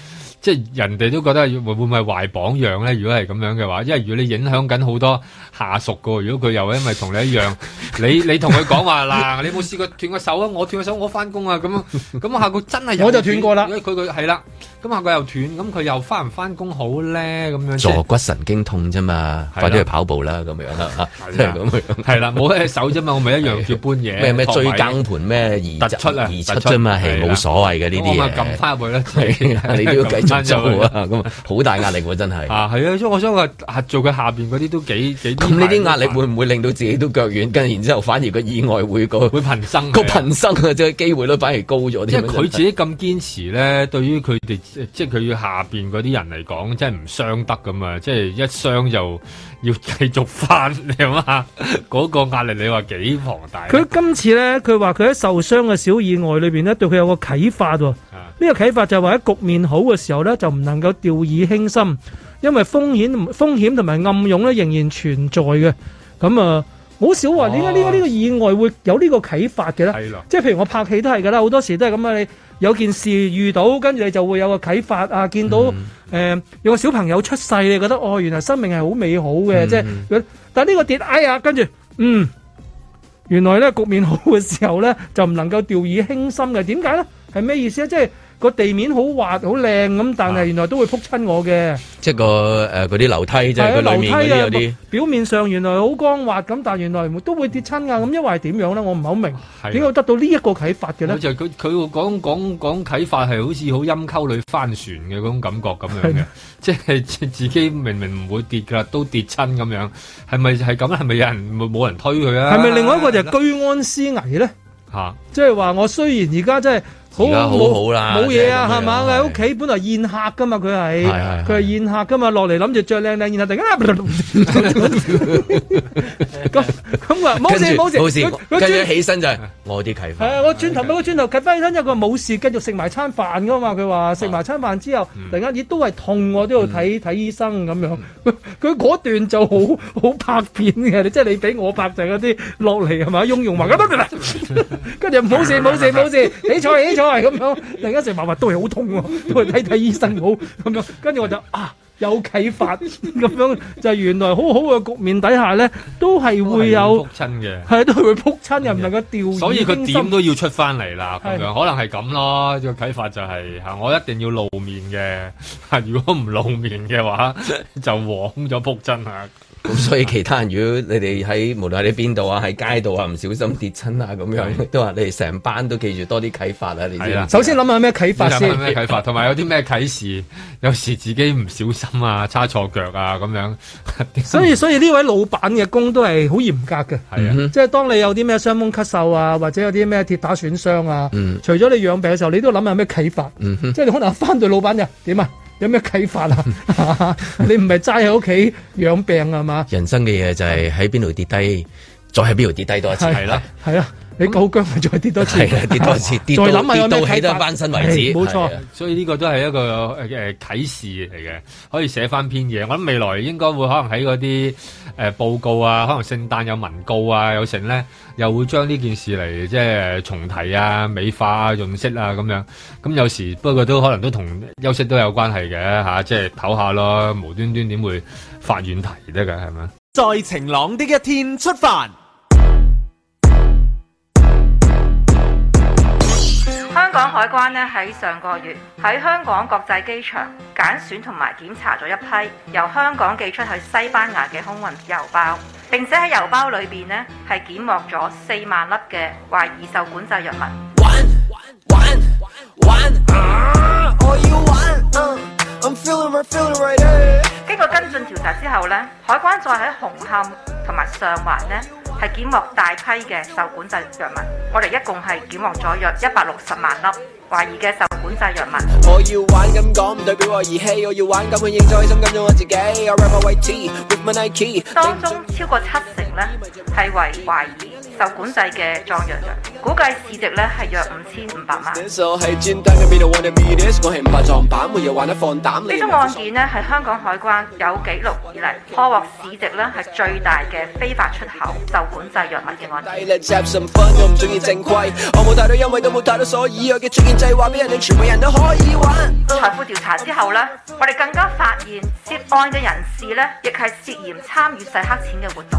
即係人哋都覺得會唔會係壞榜樣咧？如果係咁樣嘅話，因為如果你影響緊好多下屬噶，如果佢又因為同你一樣，你你同佢講話嗱，你冇試 [laughs] 過斷個手啊？我斷個手，我翻工啊？咁咁下個真係我就斷過啦。係啦，咁下個又斷，咁佢又翻唔翻工好咧？咁樣坐骨神經痛咋嘛？快啲去跑步啦！咁樣啦吓，係咁啦，冇 [laughs] 咩手咋嘛？我咪一樣叫搬嘢。咩咩椎間盤咩？移出啊移出咋、啊、嘛？係冇所謂嘅呢啲嘢。我咪撳翻佢你都要就做啊，咁好大壓力喎、啊，真係啊，係啊，所以我想話合作佢下邊嗰啲都幾幾咁呢啲壓力會唔會令到自己都腳軟？跟住然之後反而個意外會高，會頻生個頻生嘅即係機會率反而高咗啲。因為佢自己咁堅持咧，對於佢哋即係佢下邊嗰啲人嚟講，真係唔傷得咁啊！即、就、係、是、一傷就要繼續翻，係嘛？嗰 [laughs] 個壓力你話幾龐大？佢今次咧，佢話佢喺受傷嘅小意外裏邊咧，對佢有個啟發喎。呢、啊這個啟發就係話喺局面好嘅時候，咧就唔能夠掉以輕心，因為風險風險同埋暗湧咧仍然存在嘅。咁啊，好少話點解呢個呢個意外會有這個呢個啟發嘅咧？即係譬如我拍戲都係噶啦，好多時都係咁啊。你有件事遇到，跟住你就會有個啟發啊。見到誒、嗯呃、有個小朋友出世，你覺得哦，原來生命係好美好嘅，嗯。即係但呢個跌、啊，哎呀，跟住嗯，原來咧局面好嘅時候咧就唔能夠掉以輕心嘅。點解咧？係咩意思咧？即係。個地面好滑好靚咁，但係原來都會扑親我嘅。即係個誒嗰啲樓梯，即係個裏面有啲，啊啊，表面上原來好光滑咁，但係原來都會跌親，嗯、啊！咁因為係點樣咧？我唔係好明，點解我得到呢一個啟發嘅咧？就佢佢講講講啟發係好似好陰溝裏翻船嘅嗰種感覺咁樣嘅，啊，即係自己明明唔會跌噶，都跌親咁樣，係咪係咁咧？係咪有人冇人推佢啊？係咪另外一個就係居安思危咧？吓，啊，即係話我雖然而家即係。好好啦，冇嘢啊，係嘛？我喺屋企本來宴客噶嘛，佢係佢係宴客噶嘛，落嚟諗住著靚靚然後，突然間咁咁話冇事冇事，跟住起身就係我啲契係啊！我轉頭到個轉頭，趌翻起身，又佢話冇事，繼續食埋餐飯噶嘛。佢話食埋餐飯之後，突然間亦都係痛，我都要睇睇醫生咁樣。佢佢嗰段就好好拍片嘅，你即係你俾我拍就係嗰啲落嚟係嘛，庸庸麻麻得㗎啦。跟住冇事冇事冇事，起坐起坐。係 [laughs] 咁樣，突然間成麻麻都係好痛，都係睇睇醫生好咁樣。跟住我就啊，有啟發咁樣，就原來好好嘅局面底下咧，都係會有撲親嘅，係都係會撲親又唔能夠吊。所以佢點都要出翻嚟啦。咁樣可能係咁咯。這個啟發就係、是、吓，我一定要露面嘅。吓，如果唔露面嘅話，就枉咗撲親啊！咁 [laughs] 所以其他人如果你哋喺無論喺邊度啊，喺街度啊，唔小心跌親啊，咁樣 [laughs] 都話你成班都記住多啲啟發啊！你知啦，首先諗下咩啟發先。咩啟發同埋有啲咩啟示？有時自己唔小心啊，叉錯腳啊，咁樣所。所以所以呢位老闆嘅工都係好嚴格嘅，係 [laughs] 啊，即係當你有啲咩傷風咳嗽啊，或者有啲咩跌打損傷啊， [laughs] 除咗你養病嘅時候，你都諗下咩啟發， [laughs] [laughs] 即係你可能翻對老闆㗎點啊？有咩啟發？啊？ [laughs] 你唔係齋喺屋企養病啊嘛？ [laughs] 人生嘅嘢就係喺邊度跌低，再喺邊度跌低多一次。係啦，係啊。你好驚、嗯，再跌多次，跌多次，跌再到，到起都翻身為止，冇、哎、錯、啊。所以呢個都係一個誒啟、呃、示嚟嘅，可以寫翻篇嘢。我諗未來應該會可能喺嗰啲誒報告啊，可能聖誕有文告啊，有成咧，又會將呢件事嚟，即係重提啊、美化啊、潤色啊咁樣。咁有時不過都可能都同休息都有關係嘅吓，即係唞下咯，無端端點會發軟蹄得㗎係咪？在晴朗的一天出發。香港海關呢喺上個月喺香港國際機場揀選同埋檢查咗一批由香港寄出去西班牙嘅空運郵包，並且喺郵包裏邊呢係檢獲咗四萬粒嘅懷疑受管制藥物。玩玩玩啊，我要玩啊經過跟進調查之後呢，海關再喺紅磡同埋上環呢，係檢獲大批嘅受管制藥物。我哋一共係檢獲咗約一百六十萬粒懷疑嘅受管制藥物。我要玩咁講唔代表我兒戲，我要玩咁去應載心咁做我自己。當中超過七成呢係為懷疑。受管制嘅壯陽藥，估計市值咧係約五千五百萬。呢種案件呢係香港海關有記錄以嚟破獲市值咧係最大嘅非法出口受管制藥物嘅案件。財富 [music] 調查之後呢，我哋更加發現涉案嘅人士呢亦係涉嫌參與洗黑錢嘅活動。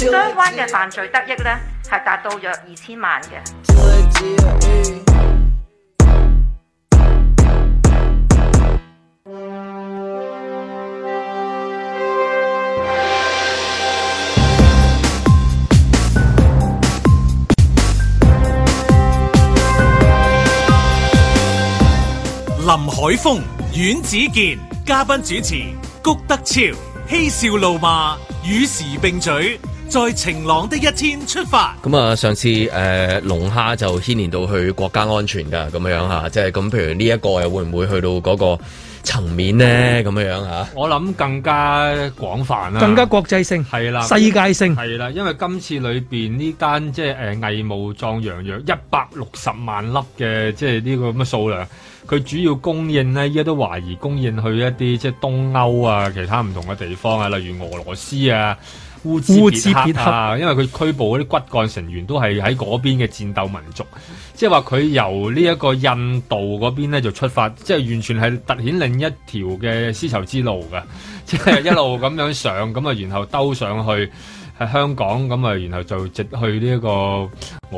相關嘅犯罪得益呢係達到約二千萬嘅。林海峰、阮子健嘉賓主持，谷德超。嬉笑怒罵，與時並嘴，在晴朗的一天出發。咁啊，上次誒，龍、呃、蝦就牽連到去國家安全噶，咁、嗯、樣樣吓，即係咁。譬如呢一個又會唔會去到嗰個層面呢？咁、嗯、樣樣吓，我諗更加廣泛啦、啊，更加國際性係啦，世界性係啦。因為今次裏邊呢間即係誒，偽冒壯陽藥一百六十萬粒嘅，即係呢個咁嘅數量。佢主要供應呢，依家都懷疑供應去一啲即係東歐啊，其他唔同嘅地方啊，例如俄羅斯啊、烏茲別克、啊、因為佢拘捕嗰啲骨幹成員都係喺嗰邊嘅戰鬥民族，即係話佢由呢一個印度嗰邊咧就出發，即係完全係凸顯另一條嘅絲綢之路㗎，即 [laughs] 係一路咁樣上，咁啊然後兜上去喺香港，咁啊然後就直去呢一個俄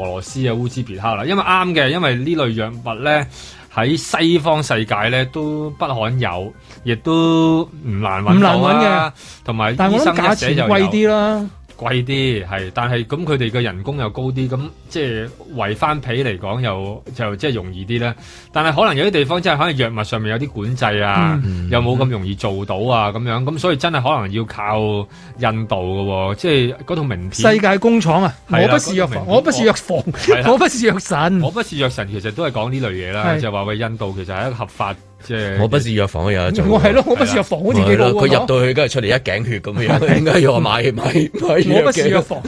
羅斯啊、烏茲別克啦，因為啱嘅，因為呢類藥物呢。喺西方世界咧都不罕有，亦都唔難揾到嘅，同埋醫生價錢就貴啲啦。貴啲係，但係咁佢哋嘅人工又高啲，咁即係圍翻皮嚟講又就即係容易啲咧。但係可能有啲地方真係可能藥物上面有啲管制啊，嗯、又冇咁容易做到啊，咁、嗯、樣咁所以真係可能要靠印度嘅，即係嗰套名片。世界工廠啊！我不是藥房是、啊，我不是藥房我，我不是藥 [laughs] 神，我不是藥神，其實都係講呢類嘢啦，就話、是、喂印度其實係一個合法。我不是藥房有一種，我係咯，我不，藥不是藥房我自己咯。佢入到去，梗係出嚟一頸血咁樣。點解又話買 [laughs] 買買？我不是藥房，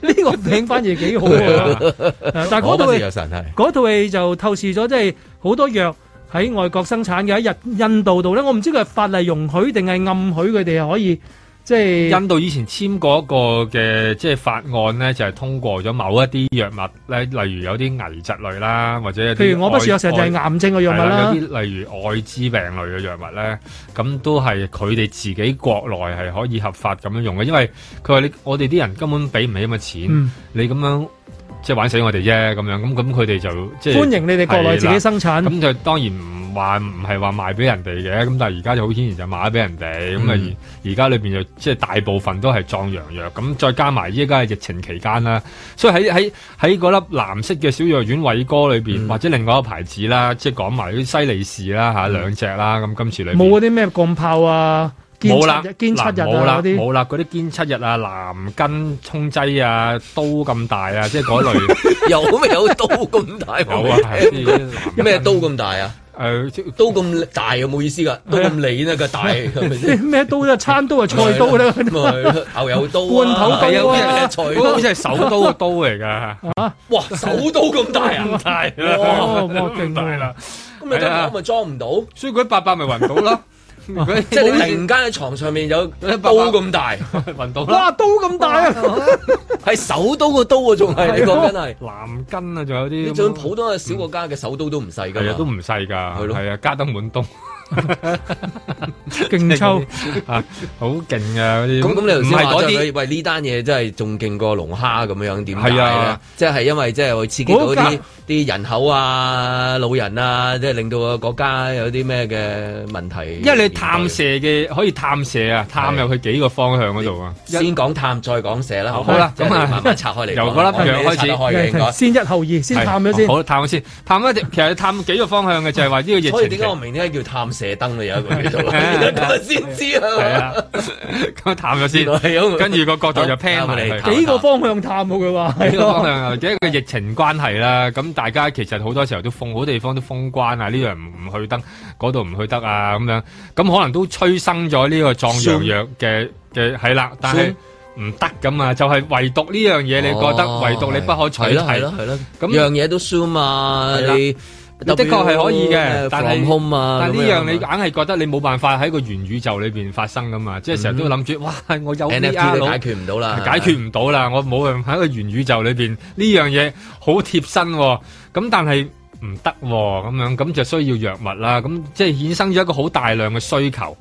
呢 [laughs] [laughs] 個名翻譯幾好 [laughs] 但嗰套藥神係，嗰套戲就透視咗，即係好多藥喺外國生產嘅，喺印印度度咧，我唔知佢係法例容許定係暗許佢哋啊可以。即係印度以前簽嗰個嘅即係法案咧，就係、是、通過咗某一啲藥物咧，例如有啲危疾類啦，或者有譬如我不是有成就係癌症嘅藥物啦，愛嗯、有例如愛滋病類嘅藥物咧，咁都係佢哋自己國內係可以合法咁樣用嘅，因為佢話你我哋啲人根本俾唔起咁嘅錢，嗯、你咁樣。即、就、係、是、玩死我哋啫咁樣，咁咁佢哋就即係、就是、歡迎你哋國內自己生產。咁就當然唔話唔係話賣俾人哋嘅，咁但係而家就好顯然就賣俾人哋。咁啊，而家裏面就即係、就是、大部分都係壯陽藥。咁再加埋依家係疫情期間啦，所以喺喺喺嗰粒藍色嘅小藥丸偉哥裏面，嗯、或者另外一個牌子啦，即係講埋啲犀利士啦嚇兩隻啦。咁、嗯、今次裏冇嗰啲咩鋼炮啊！冇啦，堅七日冇啦，嗰啲堅七日啊，藍根、沖劑啊，刀咁大啊，即係嗰類 [laughs] 有咩有刀咁大、啊？ [laughs] 有啊，係咩刀咁大啊？誒、呃，刀咁大有冇意思噶？刀咁利呢，個 [laughs] 大咪、啊、咩 [laughs] 刀呀、啊啊 [laughs] [laughs] 啊？餐刀啊， [laughs] [laughs] 刀啊 [laughs] 菜刀啦、啊，牛 [laughs] 油刀大、啊，罐頭又有啲菜刀，好似係手刀嘅刀嚟噶。哇，手 [laughs] 刀咁大啊！大，哇，勁大啦！咁你咪裝唔到？所以佢八百咪運到咯？ [laughs] [laughs] 即係你突然間喺床上面有刀咁大，運 [laughs] 動啦了！哇，刀咁大啊，係 [laughs] [laughs] 首都個刀啊，仲係你講緊係，藍根啊，仲、啊、有啲，你仲普通嘅小國家嘅首都都都唔細噶，係啊、嗯，都唔細噶，係咯，係啊，加德滿冬。 [laughs] 勁抽好勁啊！咁咁你頭先話嗰啲喂呢單嘢真係仲勁過龍蝦咁樣樣點係啊！即係因為即係會刺激到啲啲人口啊、老人啊，即係令到個國家有啲咩嘅問題。因為你探射嘅可以探射啊，探入去幾個方向嗰度啊。先講探再講射啦。好啦，咁慢慢拆開嚟，由啦粒藥開始，先一後二，先探咗先。好，探咗先。探咗其實探幾個方向嘅 [laughs] 就係話呢個疫情。所以點解我明點解叫探射？夜燈都有一個喺度，咁啊先知啊，係啊，咁探咗先，跟住個角度又偏埋去，幾個方向探好佢喎，幾個方向，或者個疫情關係啦，咁大家其實好多時候都封，好多地方都封關啊，呢樣唔去得，嗰度唔去得啊，咁樣，咁可能都催生咗呢個壯陽嘅嘅係啦，但係唔得咁啊，就係唯獨呢樣嘢，你覺得唯獨你不可取咯，係咯係咯，咁樣嘢都輸啊嘛，你。的確係可以嘅，但係、啊、但呢樣，樣你硬係覺得你冇辦法喺個元宇宙裏邊發生噶嘛？嗯、即係成日都諗住，哇！我有啲、這、阿、個、解決唔到啦，解決唔到啦，我冇用喺個元宇宙裏邊呢、這個哦哦、樣嘢好貼身，咁但係唔得咁樣，咁就需要藥物啦。咁即係衍生咗一個好大量嘅需求。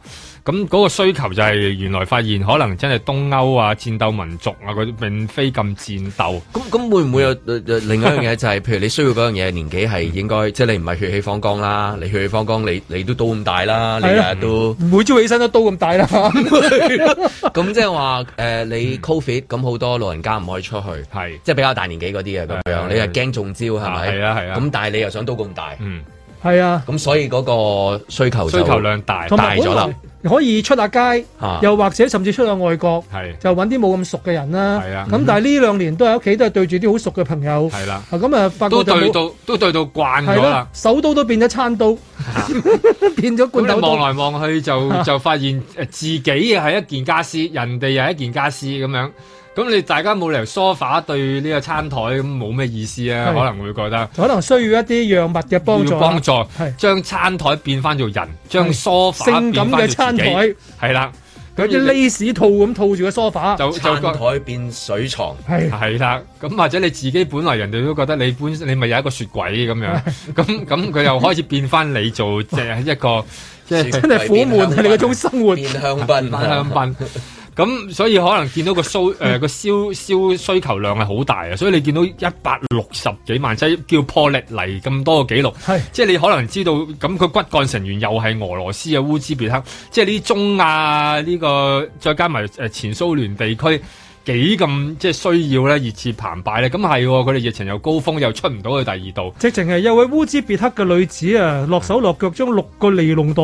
咁嗰個需求就係原來發現可能真係東歐啊戰鬥民族啊啲，並非咁戰鬥咁咁會唔會有另一樣嘢就係、是、譬如你需要嗰樣嘢年紀係應該即係你唔係血氣方剛啦你血氣方剛你你都刀咁大啦、啊、你日日都、嗯、每朝起身都刀咁大啦咁即係話誒你 Covid 咁、嗯、好多老人家唔可以出去係即係比較大年紀嗰啲嘅咁樣、啊、你又驚中招係咪係啊係啊咁、啊啊、但係你又想刀咁大、啊、嗯係啊咁所以嗰個需求就需求量大有有大咗啦。可以出下街，又或者甚至出下外國，啊、就揾啲冇咁熟嘅人啦。咁、啊、但係呢兩年都喺屋企，都係對住啲好熟嘅朋友。啦、啊，咁、嗯、啊都對到，都對到，都對到慣咗啦、啊。手刀都變咗餐刀，啊、 [laughs] 變咗罐頭刀。你望來望去就就發現自己係一件家私，啊、人哋又一件家私。咁樣咁你大家冇理由 sofa 對呢個餐台咁冇咩意思啊？可能會覺得可能需要一啲藥物嘅幫助，幫助係將餐台變翻做人，將 sofa 性感嘅餐台係啦，嗰啲 lace 套咁套住個 sofa，就就台變水床係係啦。咁或者你自己本來人哋都覺得你本你咪有一個雪櫃咁樣，咁咁佢又開始變翻你做即係一個，即係真係苦悶你嗰種生活變香檳、啊，香檳。 [laughs] 咁所以可能見到個銷，誒個銷銷需求量係好大啊，所以你見到一百六十幾萬劑叫破歷嚟咁多個紀錄，係，即係你可能知道咁佢骨幹成員又係俄羅斯嘅烏茲別克，即係呢啲中亞呢、呢個再加埋誒前蘇聯地區。幾咁即係需要咧，熱切澎湃咧，咁係佢哋疫情又高峰，又出唔到去第二度。直情係一位烏茲別克嘅女子啊，落手落腳將六個尼龍袋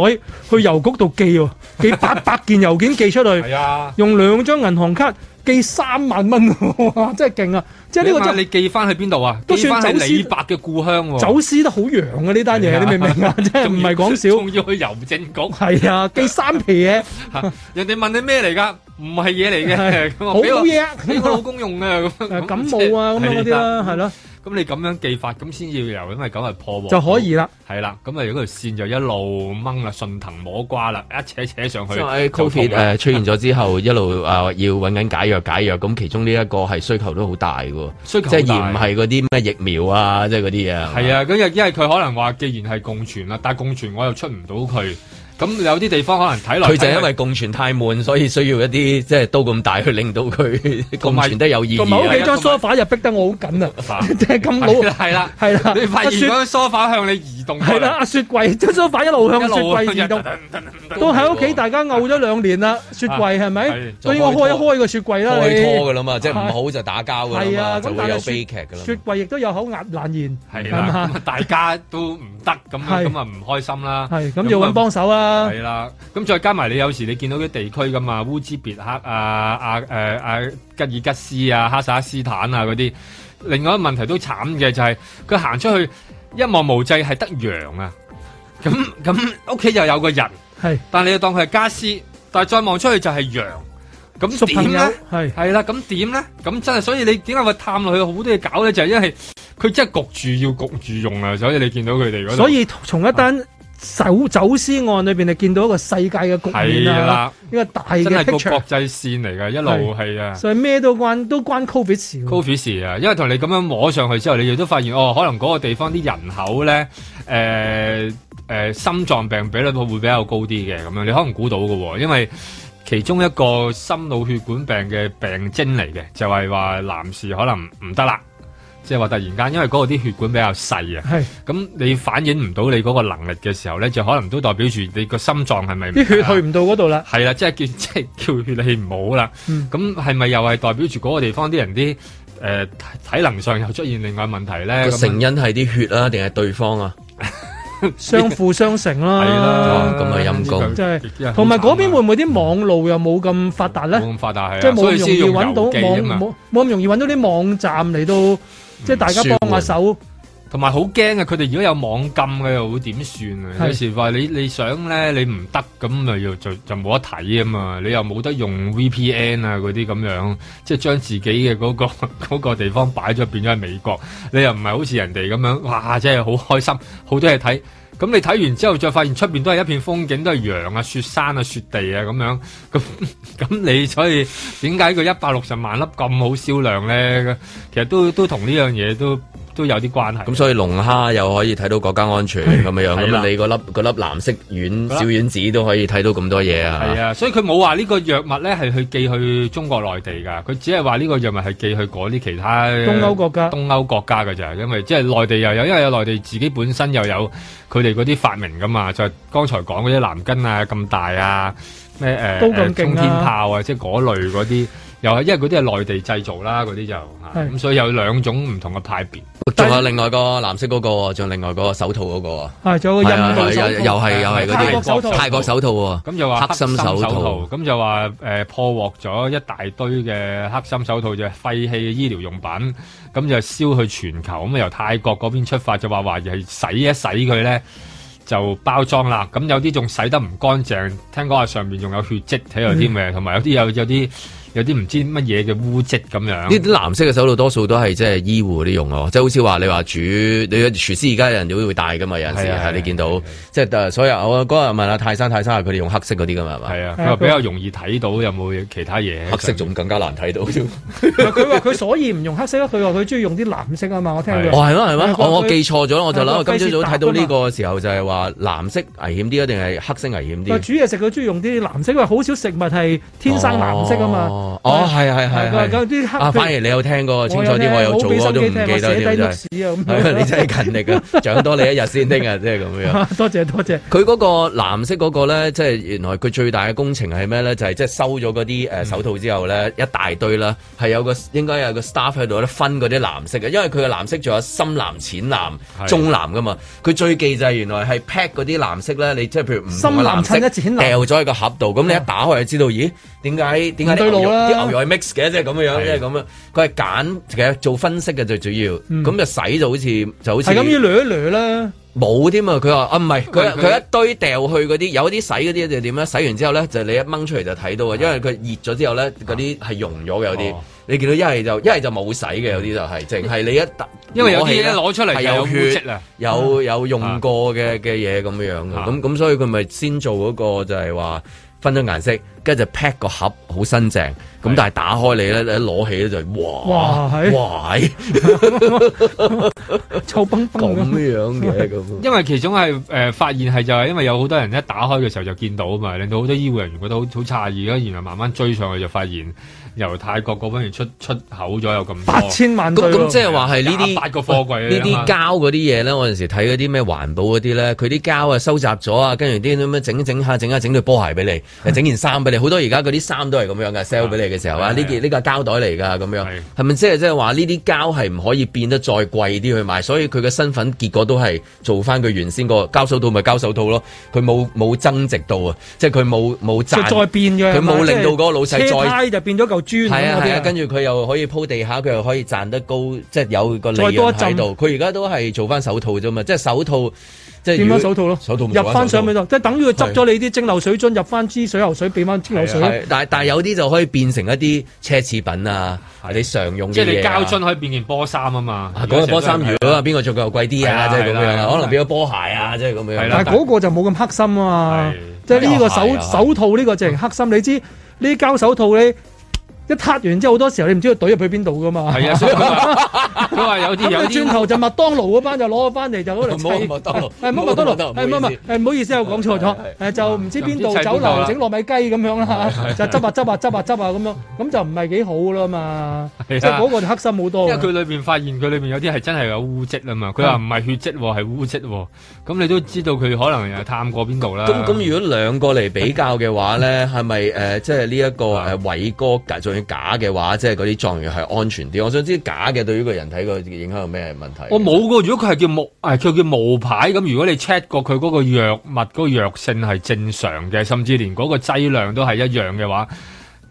去郵局度寄喎，寄八百件郵件寄出去、 [laughs] 啊，用兩張銀行卡寄三萬蚊，喎，真係勁啊！即係呢、呢個真係你寄翻去邊度啊？都算走私白嘅故鄉、啊，走私得好洋啊呢單嘢，你明唔明啊？即係唔係講笑，仲要去郵政局，係啊，寄三皮嘢、啊， [laughs] 人哋問你咩嚟㗎？唔係嘢嚟嘅，好嘢俾我老公用 [laughs] [laughs] 啊！咁感冒啊，咁樣嗰啲啦，係咯。咁你咁樣寄法，咁先至要由因為咁係破亡就可以啦，係啦。咁啊，如果條線就一路掹啦，順藤摸瓜啦，一扯扯上去。以哎 COVID, uh, 出現誒出現咗之後，一路啊要揾緊解藥，解藥咁，其中呢一個係需求都好大，需求即係而唔係嗰啲咩疫苗啊，即係嗰啲嘢。係啊，咁因為佢可能話，既然係共存啦，但共存我又出唔到佢。咁有啲地方可能睇落佢就因為共存太悶，所以需要一啲即係刀咁大去令到佢共存得有意義，啊，同埋屋企張 sofa 又逼得我好緊啊！即係咁，係啦，係 [laughs] 啦、啊，你發現嗰張 sofa 向你移。係啦，阿、啊、雪櫃，即係就快一路向雪櫃移動，都喺屋企大家漚咗兩年啦、啊，雪櫃係咪？所以我開一開一個雪櫃啦、啊，你拖噶啦嘛，即係唔好就打交噶啦嘛、啊，就會有悲劇噶啦。雪櫃亦都有口難難言，係、啊、大家都唔得，咁咁啊唔開心啦，係咁、啊、要揾幫手啦，係啦，咁、啊、再加埋你有時你見到啲地區噶嘛，烏茲別克啊、啊、誒、啊、啊吉爾吉斯啊、哈薩斯坦啊嗰啲，另外一個問題都慘嘅就係佢行出去。一望無際係得羊啊，咁咁屋企又有個人，但係你要當佢係家私，但係再望出去就係羊，咁點咧？係係啦，咁點咧？咁真係，所以你點解會探落去好多嘢搞咧？就係因為佢真係焗住要焗住用啊，所以你見到佢哋個。所以從一單。走走私案裏邊，你見到一個世界嘅局面啦、啊，一個大嘅。真係個國際線嚟嘅，一路係啊。所以咩都關都關高比士。高比士啊，因為同你咁樣摸上去之後，你亦都發現哦，可能嗰個地方啲人口咧，誒、呃、誒、呃，心臟病比率會比較高啲嘅。咁樣你可能估到嘅，因為其中一個心腦血管病嘅病徵嚟嘅，就係、是、話男士可能唔得啦。即係話突然間，因為嗰個啲血管比較細啊，咁你反映唔到你嗰個能力嘅時候咧，就可能都代表住你個心臟係咪？啲血去唔到嗰度啦。係啦，即係叫即係叫血氣唔好啦。咁係咪又係代表住嗰個地方啲人啲誒體能上又出現另外的問題咧？成因係啲血啊，定係對方啊？相輔相成啦，係啦，咁啊陰功，即係。同埋嗰邊會唔會啲網路又冇咁發達咧？冇咁發達，即係冇咁容易揾到網冇冇咁容易揾到啲網，網，網站嚟到。即係大家幫下手，同埋好驚啊！佢哋如果有網禁嘅，又會點算啊？有時話你你想咧，你唔得咁咪又就就冇得睇啊嘛！你又冇得用 VPN 啊嗰啲咁樣，即係將自己嘅嗰個、嗰個地方擺咗變咗喺美國，你又唔係好似人哋咁樣哇！真係好開心，好多嘢睇。咁你睇完之後，再發現出面都係一片風景，都係羊啊、雪山啊、雪地啊咁樣，咁咁你所以點解佢一百六十萬粒咁好銷量呢？其實都都同呢樣嘢都都有啲關係，咁所以龍蝦又可以睇到國家安全咁樣樣，咁、 [laughs] 啊、你嗰粒粒藍色丸小丸子都可以睇到咁多嘢啊！係啊，所以佢冇話呢個藥物咧係去寄去中國內地噶，佢只係話呢個藥物係寄去嗰啲其他東歐國家、東歐國家噶咋，因為即係內地又有，因為有內地自己本身又有佢哋嗰啲發明噶嘛，就係、剛才講嗰啲藍根啊、咁大啊、咩誒、通、呃啊、天炮啊，即係嗰類嗰啲。又係，因為嗰啲係內地製造啦，嗰啲就咁，所以有兩種唔同嘅派別。仲有另外一個藍色嗰、那個，仲另外嗰個手套嗰、那個，係仲個印度手套是、啊是啊是啊、又又係又係嗰啲泰國手套喎。咁就話黑，黑心手套，咁就話誒、呃、破獲咗一大堆嘅黑，黑、呃、黑心手套，就廢棄嘅醫療用品，咁就燒去全球。咁由泰國嗰邊出發就說，就話懷疑係洗一洗佢咧就包裝啦。咁有啲仲洗得唔乾淨，聽講話上面仲有血跡，睇有啲咩，同埋有啲有有啲，有啲唔知乜嘢嘅污漬咁樣，呢啲藍色嘅手套多數都係即係醫護啲用咯，即係好似話你話煮你嘅廚師而家人都會戴噶嘛，有陣時係你見到，即係所以我嗰日問阿泰山，泰山佢哋用黑色嗰啲噶嘛，係嘛？係啊，佢話比較容易睇到有冇其他嘢。黑色仲更加難睇到。佢話佢所以唔用黑色，佢話佢中意用啲藍色啊嘛， [laughs] [laughs] [laughs] [laughs] [laughs] [laughs] 我聽佢。係咩係咩？我我記錯咗，我就諗我今朝早睇到呢個時候就係話藍色危險啲，一定係黑色危險啲？煮嘢食佢中意用啲藍色，因為好少食物係天生藍色啊嘛。哦，哦，係係係啲啊，反而你有聽過，聽清楚啲，我有做過，我都唔記得添，真係、啊。 [laughs] 你真係勤力，獎多你一日先，聽啊即係咁樣。多謝多謝。佢嗰個藍色嗰、那個咧，即係原來佢最大嘅工程係咩咧？就係即係收咗嗰啲誒手套之後咧、嗯，一大堆啦，係有個應該有個 staff 喺度咧，分嗰啲藍色嘅，因為佢嘅藍色仲有深藍、淺藍、中藍噶嘛。佢最記就係原來係 pack 嗰啲藍色咧，你即係譬如藍深藍、淺藍掉咗喺個盒度，咁你一打開就知道，咦？點解點解啲牛肉啲牛肉 mix 嘅啫，咁樣樣，即係咁樣，佢係揀嘅，做分析嘅最主要，咁、嗯、就洗就好似就好似係咁要掠一掠啦，冇添啊！佢話啊唔係，佢佢一堆掉去嗰啲，有啲洗嗰啲就點咧？洗完之後咧，就你一掹出嚟，就睇到啊！因為佢熱咗之後咧，嗰啲係溶咗嘅有啲、哦，你見到一係就一係就冇洗嘅有啲就係、是，淨係你一特因為有啲攞出嚟有血啊，有有用過嘅嘅嘢咁樣樣嘅，咁、啊、咁所以佢咪先做嗰個就係話。分咗顏色，跟住就 pack 個盒好新淨，咁但係打開你咧，你一攞起咧就是、哇哇哇臭崩崩咁樣嘅咁。因為其中係誒、呃、發現係就係因為有好多人一打開嘅時候就見到啊嘛，令到好多醫護人員覺得好好詫異咯。原來慢慢追上去就發現。由泰國嗰方面出出口咗有咁多八千萬，咁即係話係呢啲八個貨櫃呢啲膠嗰啲嘢咧，我陣時睇嗰啲咩環保嗰啲咧，佢啲膠啊收集咗啊，跟住啲咁樣整整下整下整對波鞋俾你，整件衫俾你，好多而家嗰啲衫都係咁樣噶 sell 俾你嘅時候啊，呢件呢個膠袋嚟㗎，咁樣係咪即係即係話呢啲膠係唔可以變得再貴啲去賣？所以佢嘅身份結果都係做翻佢原先個膠手套咪膠手套咯，佢冇冇增值到啊！即係佢冇冇賺，再變嘅，佢冇令到嗰個老細再，就變咗嚿。係啊，跟住佢又可以鋪地下，佢又可以賺得高，即係有個利潤喺度。佢而家都係做翻手套啫嘛，即係手套，即係點啊手套咯，手套入翻上咪就即係等於佢執咗你啲蒸餾水樽，啊，入翻支水喉水，畀翻蒸餾水。是啊是啊，但係但係有啲就可以變成一啲奢侈品啊，啊你常用。嘅、啊。即係你膠樽可以變件波衫啊嘛，嗰個波衫如果嘛，邊個做嘅又貴啲啊，即係咁樣，可能變咗波鞋啊，即係咁樣。但係嗰個就冇咁黑心啊嘛，即係呢個手手套呢個淨係黑心。你知呢膠手套咧？一拆完之後，好多時候你唔知佢懟入去邊度噶嘛。係啊。 [laughs] 佢話有啲有啲，咁轉頭就麥當勞嗰班就攞咗翻嚟，就攞嚟。唔好麥當勞，唔、哎、麥當勞，唔、哎哎哎、好意思，唔好意思，我講錯咗、哎哎哎。就唔知邊度酒樓整糯米雞咁樣啦、哎哎，就執啊執啊執啊執啊咁、哎、樣，咁、哎哎、就唔係幾好㗎啦嘛。即係嗰個就黑心好多。因為佢裏邊發現佢裏邊有啲係真係有污跡啊嘛。佢話唔係血跡喎、啊，係污跡喎、啊。咁、嗯、你都知道佢可能係探過邊度啦。咁、嗯、咁如果兩個嚟比較嘅話咧，係咪誒即係呢一個誒偉哥假仲要假嘅話，即係嗰啲狀元係安全啲？我想知假嘅對於個人體。睇個影響有咩問題？我冇過，如果佢係叫冒，係佢叫冒牌咁。如果，如果你 check 過佢嗰個藥物嗰、嗰個藥性係正常嘅，甚至連嗰個劑量都係一樣嘅話。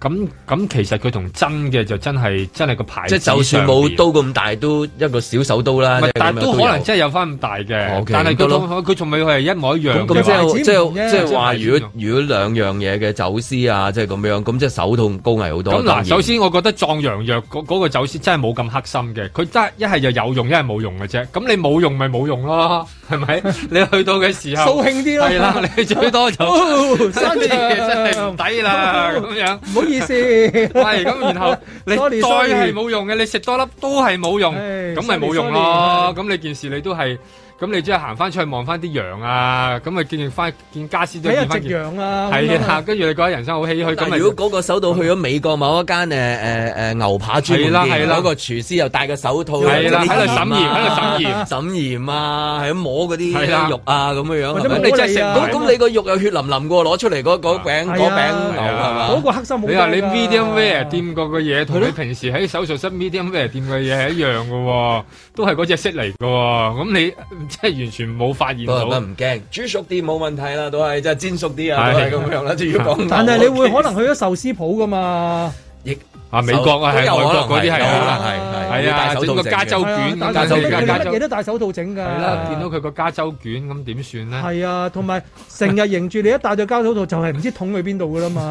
咁咁其實佢同真嘅就真係真係個牌子，即係就算冇刀咁大，都一個小手刀啦。唔係，但係都可能真係有翻咁大嘅。OK，得咯。佢仲未係一模一樣嘅牌子，唔同啫。即係話如果如果兩樣嘢嘅走私啊，即係咁樣，咁即係手痛高危好多。咁嗱，首先我覺得壯陽藥嗰嗰個走私真係冇咁黑心嘅，佢真係一係就有用，一係冇用嘅啫。咁你冇用咪冇用咯，係咪？你去到嘅時候，掃興啲啦。係啦，你最多就三件嘢真係唔抵啦咁樣。唔好。意思係咁， [laughs] 然後你再係冇用嘅，你食多粒都係冇用，咁咪冇用咯。咁你件事你都係。咁你即係行翻出去望翻啲羊啊，咁啊見完翻見家私都一樣啊，係啊，跟住你覺得人生好唏噓。咁如果嗰個手套去咗美國某一間誒誒誒牛扒專門店，嗰個廚師又戴個手套，喺度審鹽，喺度審鹽，審鹽啊，係咁摸嗰啲肉啊，咁樣樣。咁你即係食到，咁你個肉有血淋淋嘅喎，攞出嚟嗰嗰餅嗰餅牛係嘛？嗰個黑心你話你 medium rare 掂嗰個嘢，同你平時喺手術室 medium rare 掂嘅嘢係一樣嘅喎。都係嗰隻色嚟噶，咁你即係完全冇發現到。唔驚，煮熟啲冇問題啦，都係即係煎熟啲啊，都係咁樣啦。至於講，但係你會可能去咗壽司鋪噶嘛？亦啊，美國啊，係外國嗰啲係，係係啊，整個加州卷，乜嘢都戴手套整㗎。係啦，見到佢個加州卷咁點算呢？係啊，同埋成日迎住你一戴咗膠手套就係唔知捅去邊度㗎啦嘛。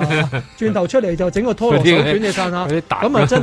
轉頭出嚟就整個拖羅手卷你睇下，咁啊真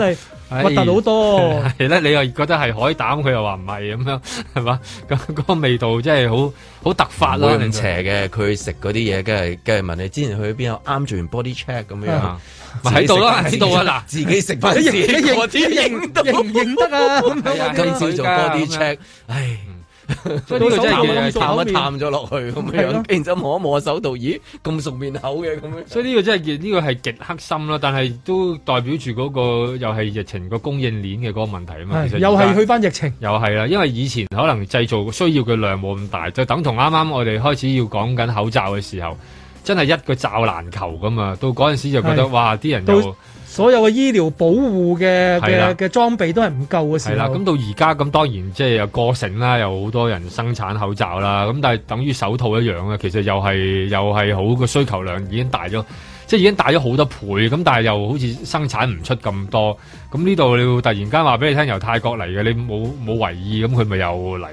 核突好多、啊，係咧，你又覺得係海膽，佢又話唔係咁樣，係嘛？咁、那、嗰個味道真係好好突發啦、啊。邪嘅？佢食嗰啲嘢，梗係梗係問你之前去邊度啱做完 body check 咁樣，咪喺度咯？喺度啊嗱，自己食、啊、自己我飯，認唔認,認,認,認,認,認得啊？ [laughs] 啊啊今朝做 body check，唉。嗯 [laughs] 所以呢個真係探一探咗落去咁樣，然之後摸一摸手度，咦，咁熟面口嘅咁樣。所以呢個真係呢、這個係極黑心啦，但係都代表住嗰、那個又係疫情個供應鏈嘅嗰個問題啊嘛。其實又係去翻疫情。又係啦，因為以前可能製造需要嘅量冇咁大，就等同啱啱我哋開始要講緊口罩嘅時候，真係一個罩難求咁啊！到嗰陣時就覺得哇，啲人又。所有嘅醫療保護嘅嘅嘅裝備都係唔夠嘅時候。係啦，咁到而家咁當然即係有過剩啦，有好多人生產口罩啦。咁但係等於手套一樣啊，其實又係又係好嘅需求量已經大咗，即係已經大咗好多倍。咁但係又好似生產唔出咁多。咁呢度你會突然間話俾你聽，由泰國嚟嘅，你冇冇為意咁佢咪又嚟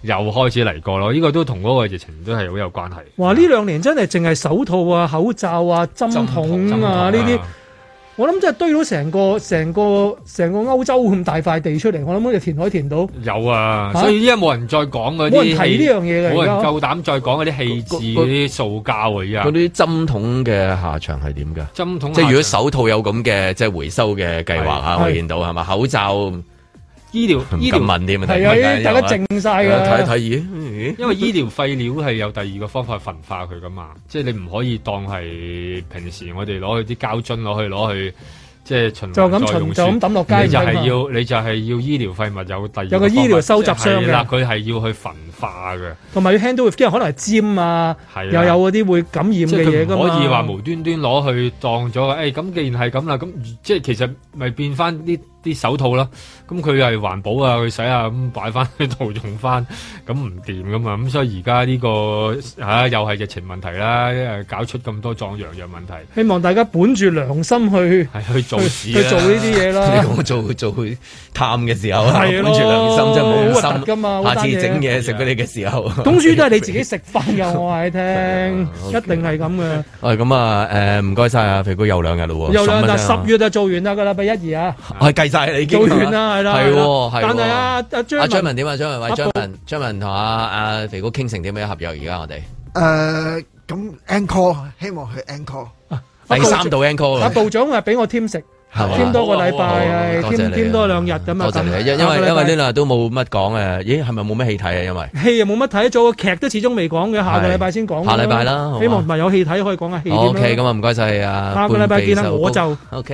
又開始嚟過咯？呢個都同嗰個疫情都係好有關係。哇！呢兩年真係淨係手套啊、口罩啊、針筒啊呢啲。我諗真係堆到成個成個成個歐洲咁大塊地出嚟，我諗好似填海填到有啊，啊，所以依家冇人再講嗰啲，冇人提呢樣嘢，冇人夠膽再講嗰啲棄置啲塑膠啊，嗰啲針筒嘅下場係點㗎？針筒即係如果手套有咁嘅即係回收嘅計劃吓，的我見到係咪口罩。醫療醫療敏感啊，大家靜晒噶，睇一睇咦？因為醫療廢料係有第二個方法去焚化佢噶嘛， [laughs] 即係你唔可以當係平時我哋攞去啲膠樽攞去攞去，即係循環再用。就咁抌落街，就係要你就係要,、嗯、要,要醫療廢物有第二個方法。有個醫療收集箱啦，佢係要去焚化嘅，同埋要 handle with it, 可能係尖啊是，又有嗰啲會感染嘅嘢可以話無端端攞去當咗誒，咁、哎、既然係咁啦，咁即係其實咪變翻啲啲手套啦。咁佢係環保啊，佢洗下咁擺翻去度用翻，咁唔掂噶嘛？咁、嗯、所以而家呢個吓、啊、又係疫情問題啦、啊，因為搞出咁多壯陽藥問題。希望大家本住良心去去做事、啊去，去做呢啲嘢啦。你咁做做探嘅時候，係本住良心真係冇咁心，心嘛。下次整嘢食畀你嘅時候，總之都係你自己食飯嘅，我話你聽、啊，一定係咁嘅。喂、okay, 咁、哎、啊，誒，唔該晒啊，肥哥又兩日咯，又兩日十月就做完啦，個禮拜一二啊，係計晒你，做完啦。 [laughs] 係啦，係。但係阿阿張阿張文點啊？張文喂，張文張文同阿阿肥哥傾成點樣合約？而家我哋誒咁 encore，希望去 encore 第三度 encore。阿部長話俾我添食，添多個禮拜，添添多兩日咁啊！多謝你，因因為因為呢兩日都冇乜講誒。咦，係咪冇乜戲睇啊？因為戲又冇乜睇，做個劇都始終未講嘅，下個禮拜先講。下禮拜啦，希望咪有戲睇可以講下戲啊！O K，咁啊，唔該曬啊，下個禮拜見啦，我就 O K。